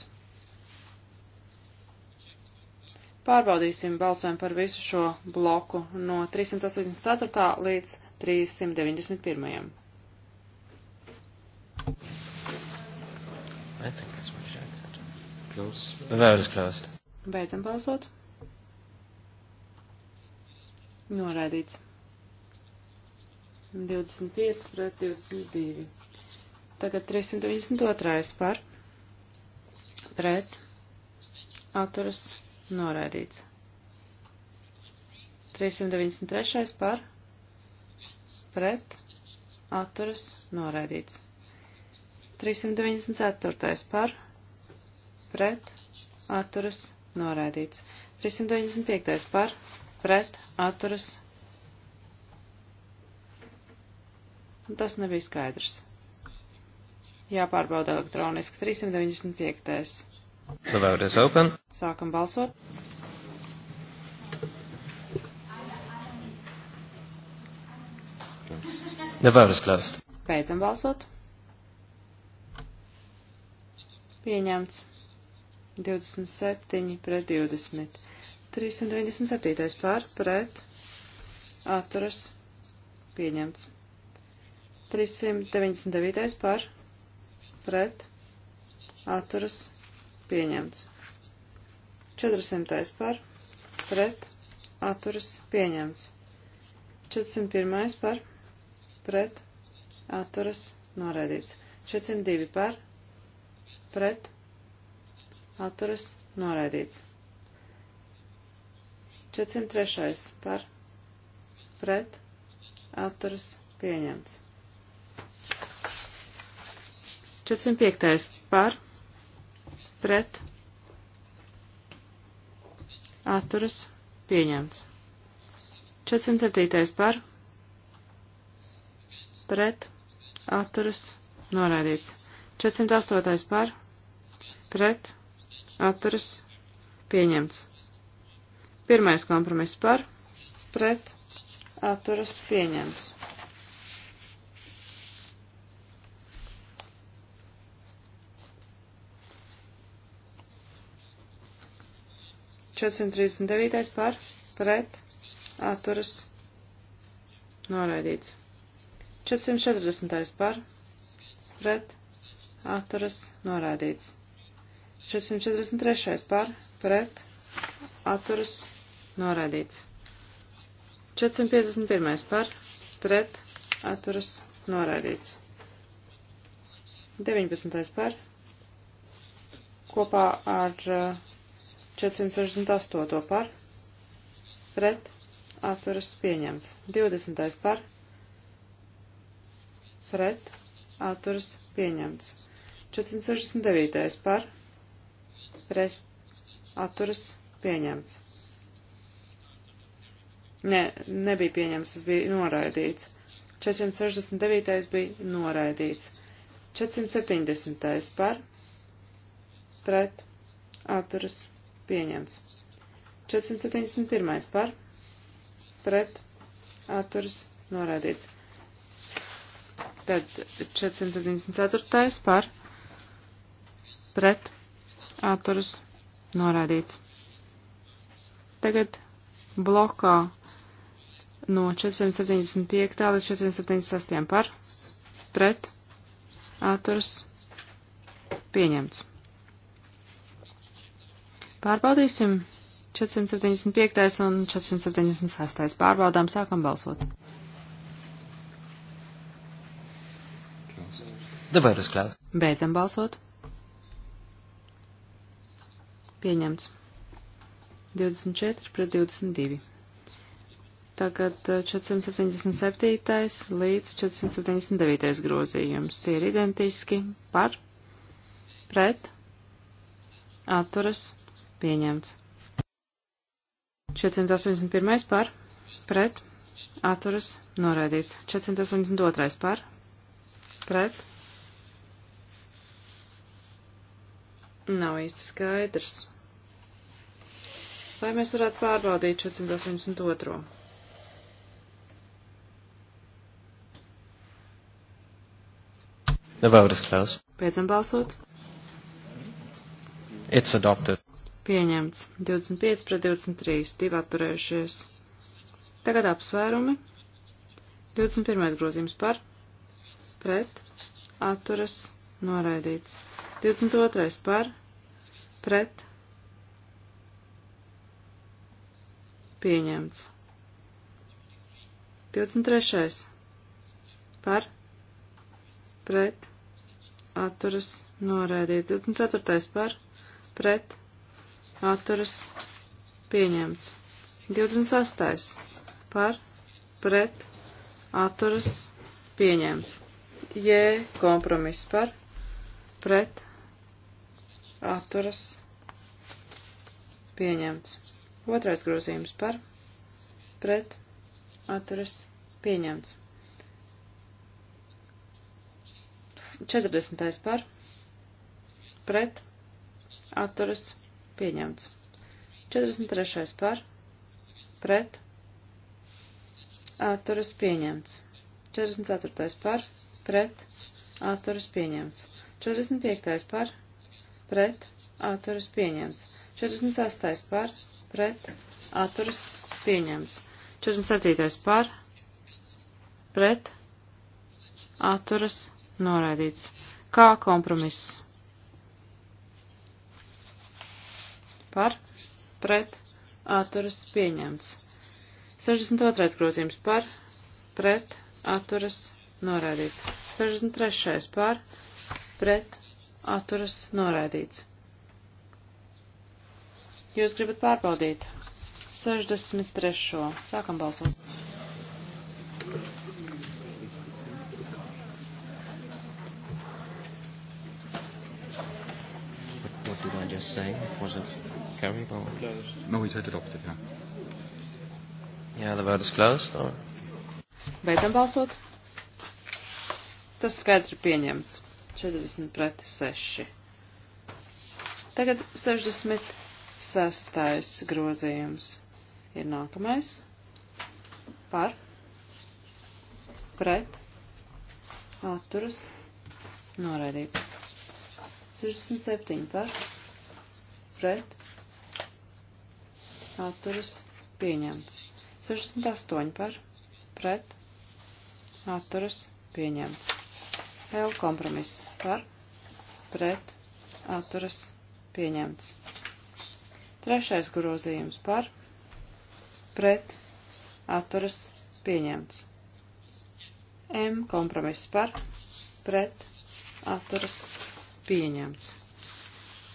Pārbaudīsim balsojumu par visu šo bloku no 384. līdz 391. Beidzam balsot. Noraidīts. 25 pret 22. Tagad 392. par pret atturas noraidīts. 393. par pret atturas noraidīts. 394. par pret atturas noraidīts. 395. par pret atturas. Tas nebija skaidrs. Jāpārbauda elektroniski 395. The vote is open. Sākam balsot. The vote is closed. Beidzam balsot. Pieņemts. 27 pret 20. 397. pār pret atturas pieņemts. 399. pār pret, atturas, pieņemts. 400. par, pret, atturas, pieņemts. 401. par, pret, atturas, noraidīts. 402 par, pret, atturas, noraidīts. 403 par, pret, atturas, pieņemts. 405. par pret atturas pieņemts. 407. par pret atturas noraidīts. 408. par pret atturas pieņemts. Pirmais kompromiss par pret atturas pieņemts. 439. par pret atturas noraidīts. 440. par pret atturas noraidīts. 443. par pret atturas noraidīts. 451. par pret atturas noraidīts. 19. par kopā ar uh, 468 par, pret, atturas pieņemts. 20. par, pret, atturas pieņemts. 469. par, pret, atturas pieņemts. Nē, ne, nebija pieņemts, tas bija noraidīts. 469. bija noraidīts. 470. par, pret, atturas pieņemts pieņemts. 471. par, pret, atturas, norādīts. Tad 474. par, pret, atturas, norādīts. Tagad blokā no 475. līdz 478. par, pret, atturas, pieņemts. Pārbaudīsim 475. un 476. pārbaudām sākam balsot. Dabērus klāt. Beidzam balsot. Pieņemts. 24 pret 22. Tagad 477. Eh, līdz 479. grozījums. Tie ir identiski par, pret, atturas, pieņemts. 481. par, pret, atturas, noraidīts. 482. par, pret. Nav īsti skaidrs. Vai mēs varētu pārbaudīt 482. The vote is closed. Beidzam balsot. It's adopted. Pieņemts. 25 pret 23. Divi atturējušies. Tagad apsvērumi. 21. grozījums par. Pret. Atturas. Noraidīts. 22. par. Pret. Pieņemts. 23. par. Pret. Atturas. Noraidīts. 24. par. Pret atturas pieņemts. 26. par pret atturas pieņemts. J kompromiss par pret atturas pieņemts. Otrais grozījums par pret atturas pieņemts. 40. par pret atturas pieņemts Pieņemts. 43. par. Pret. Atturas pieņemts. 44. par. Pret. Atturas pieņemts. 45. par. Pret. Atturas pieņemts. 46. par. Pret. Atturas pieņemts. 47. par. Pret. Atturas noraidīts. Kā kompromiss? par pret atturas pieņemts. 62. grozījums par pret atturas noraidīts. 63. par pret atturas noraidīts. Jūs gribat pārbaudīt 63. Sākam balsot. just saying? Was it carried or? Closed. No, it said adopted, yeah. Yeah, the vote is closed or? Beidzam balsot. Tas skaidri pieņemts. 40 pret 6. Tagad 66. grozījums ir nākamais. Par. Pret. Atturas. Noraidīts. 67 par pret, atturas, pieņemts. 68 par, pret, atturas, pieņemts. L kompromiss par, pret, atturas, pieņemts. Trešais grozījums par, pret, atturas, pieņemts. M kompromiss par, pret, atturas, pieņemts.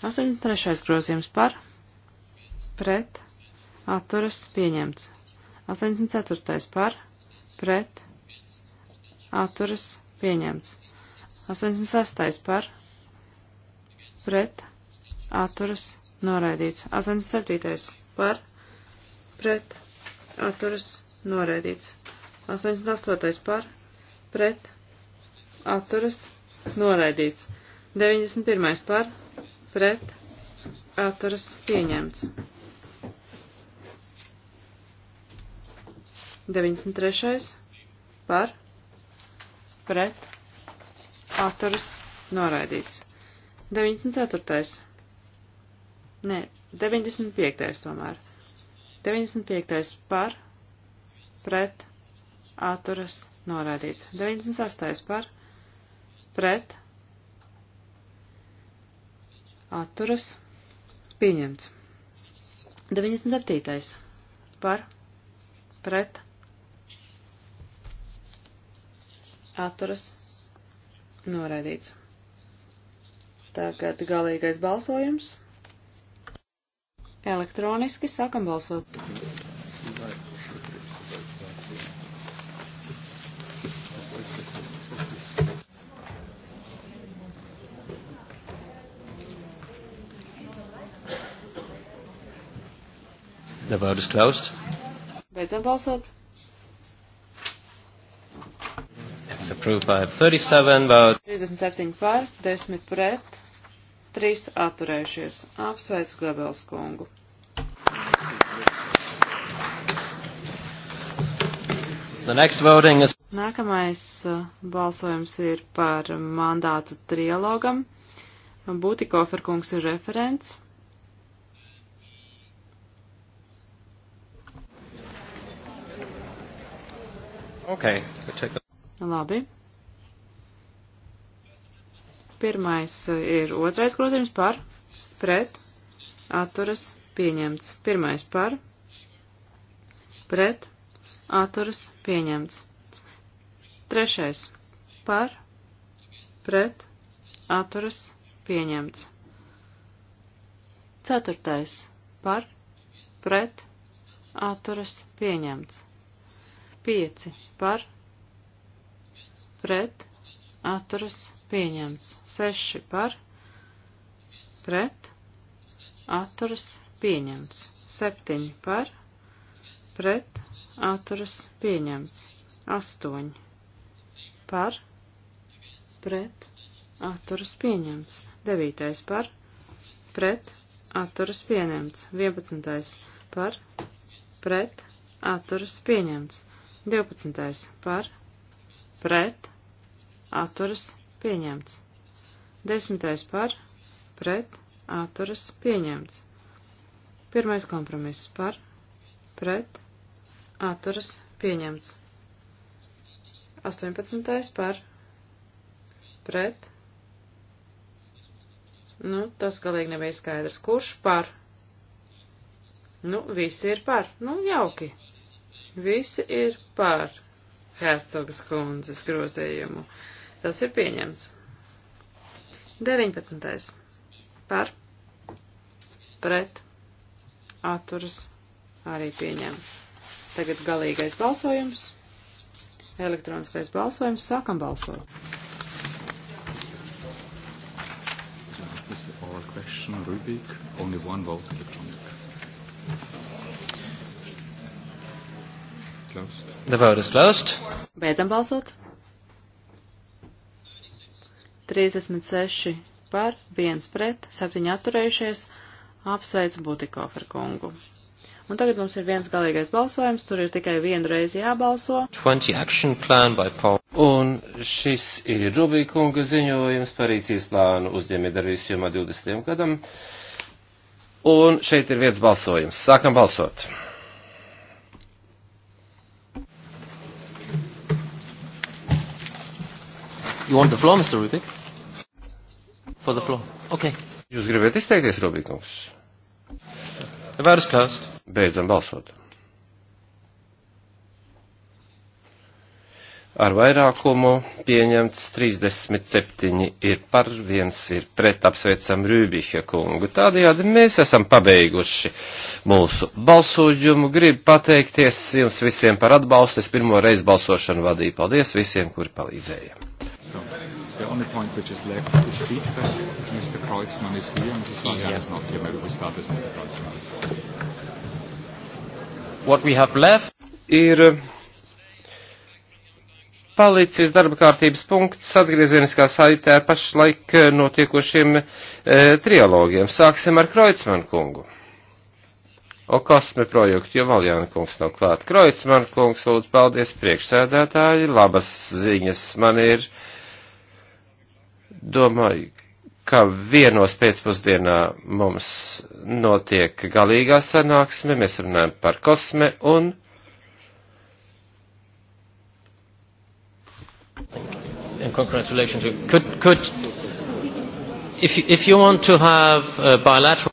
83. grozījums par, pret, atturas pieņemts. 84. par, pret, atturas pieņemts. 86. par, pret, atturas noraidīts. 87. par, pret, atturas noraidīts. 88. par, pret, atturas noraidīts. 91. par, pret atturas pieņemts. 93. par pret atturas noraidīts. 94. Nē, 95. tomēr. 95. par pret atturas noraidīts. 98. par pret atturas, pieņemts. 97. par, pret, atturas, noraidīts. Tagad galīgais balsojums. Elektroniski sākam balsot. Vote is closed. Beidzam balsot. It's approved by 37 votes. 37 pār, 10 pret, 3 atturējušies. Apsveicu Gabels kungu. The next voting is... Nākamais uh, balsojums ir par mandātu trialogam. Būtikoferkungs ir referents. Okay, Labi. Pirmais eh, ir otrais grozījums par, pret, atturas, pieņemts. Pirmais par, pret, atturas, pieņemts. Trešais par, pret, atturas, pieņemts. Ceturtais par, pret, atturas, pieņemts. 5 par, pret, atturas pieņemts. 6 par, pret, atturas pieņemts. 7 par, pret, atturas pieņemts. 8 par, pret, atturas pieņemts. 9 par, pret, atturas pieņemts. 11 par, pret, atturas pieņemts. 12. par, pret, atturas, pieņemts. 10. par, pret, atturas, pieņemts. 1. kompromiss par, pret, atturas, pieņemts. 18. par, pret, nu, tas galīgi nebija skaidrs, kurš par, nu, visi ir par, nu, jauki. Visi ir par Hercogas kundzes grozījumu. Tas ir pieņemts. 19. Par. Pret. Atturas. Arī pieņemts. Tagad galīgais balsojums. Elektroniskais balsojums. Sākam balsot. This is our question, Rubik. Only one vote electronic closed. The vote is closed. Beidzam balsot. 36 par, 1 pret, 7 atturējušies. Apsveicu Butikoferu kungu. Un tagad mums ir viens galīgais balsojums, tur ir tikai vienu reizi jābalso. Un šis ir Rubikunga ziņojums par rīcības plānu uzņēmējdarbības jomā 20. gadam. Un šeit ir viens balsojums. Sākam balsot! You want the floor, Mr. Rubik? For the floor. Okay. Jūs gribētu izteikties, Rubikungs? The vote is closed. Beidzam balsot. ar vairākumu pieņemts 37 ir par, viens ir pret, apsveicam Rūbiša kungu. Tādējādi mēs esam pabeiguši mūsu balsojumu. Gribu pateikties jums visiem par atbalstu. Es pirmo reizi balsošanu vadīju. Paldies visiem, kuri palīdzēja only point which is left is feedback. Mr. Kreutzmann is here, Mrs. Valian yeah. is not here. Maybe we start with Mr. Kreutzmann. What we have left ir uh, palicis darba kārtības punkts atgriezieniskā saitē ar pašlaik uh, notiekošiem e, trialogiem. Sāksim ar Kreutzmann kungu. O kosme projektu, jo Valjāna kungs nav klāt. Kreutzmann kungs, lūdzu, paldies priekšsēdētāji, labas ziņas man ir. E, domāju, ka vienos pēcpusdienā mums notiek galīgā sanāksme, mēs runājam par kosme un. And congratulations. Could, could, if, you, if you want to have a bilateral.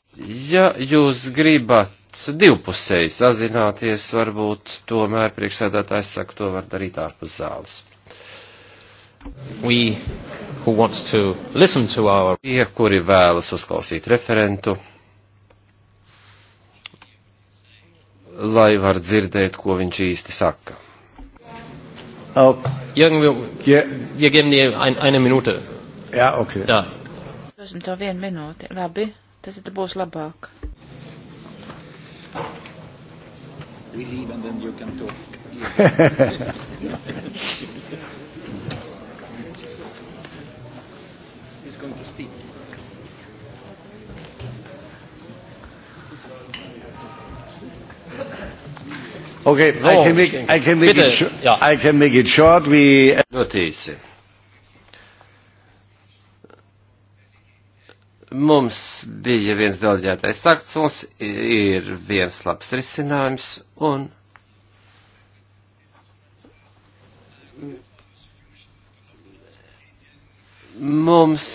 Ja jūs gribat divpusēji sazināties, varbūt tomēr priekšsēdētājs saka, to var darīt ārpus zāles. We who wants to listen to our... Tie, kuri vēlas uzklausīt referentu, lai var dzirdēt, ko viņš īsti saka. Oh. Jürgen, wir, yeah. wir geben dir ein, eine Minute. Jā, ok. Da. Dosim to vienu minūti. Labi, tas būs labāk. We leave and then you can talk. going to speak. Okay, so, I can make, I can make, Bitte, it, sh ja. I can make it short. We uh, ļoti īsi. Mums bija viens delģētais akts, mums ir viens labs risinājums, un mums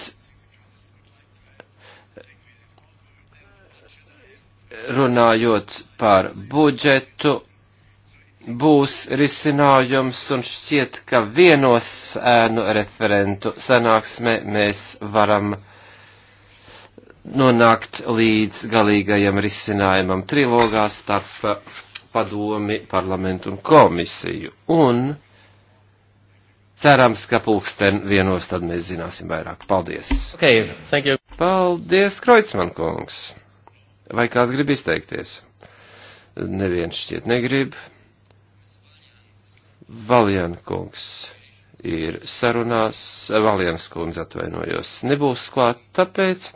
runājot par budžetu, būs risinājums un šķiet, ka vienos ēnu referentu sanāksmē mēs varam nonākt līdz galīgajam risinājumam trilogā starp padomi, parlamentu un komisiju. Un cerams, ka pulksten vienos tad mēs zināsim vairāk. Paldies! Okay, thank you. Paldies, Kreutzmann kungs! Vai kāds grib izteikties? Neviens šķiet negrib. Valjankungs ir sarunās, Valjans kundze atvainojos, nebūs klāt, tāpēc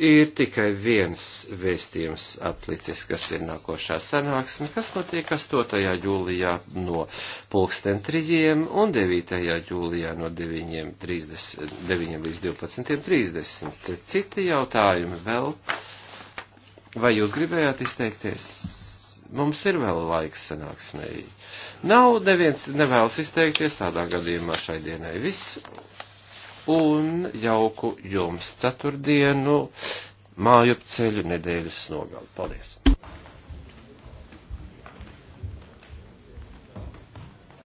ir tikai viens vēstījums atlicis, kas ir nākošā sanāksme, kas notiek 8. jūlijā no pulksten 3 un 9. jūlijā no 9.30 9 līdz 12.30. Citi jautājumi vēl. Vai jūs gribējāt izteikties? Mums ir vēl laiks sanāksmēji. Nav neviens nevēlas izteikties tādā gadījumā šai dienai. Viss un jauku jums ceturtdienu mājup ceļu nedēļas nogali. Paldies!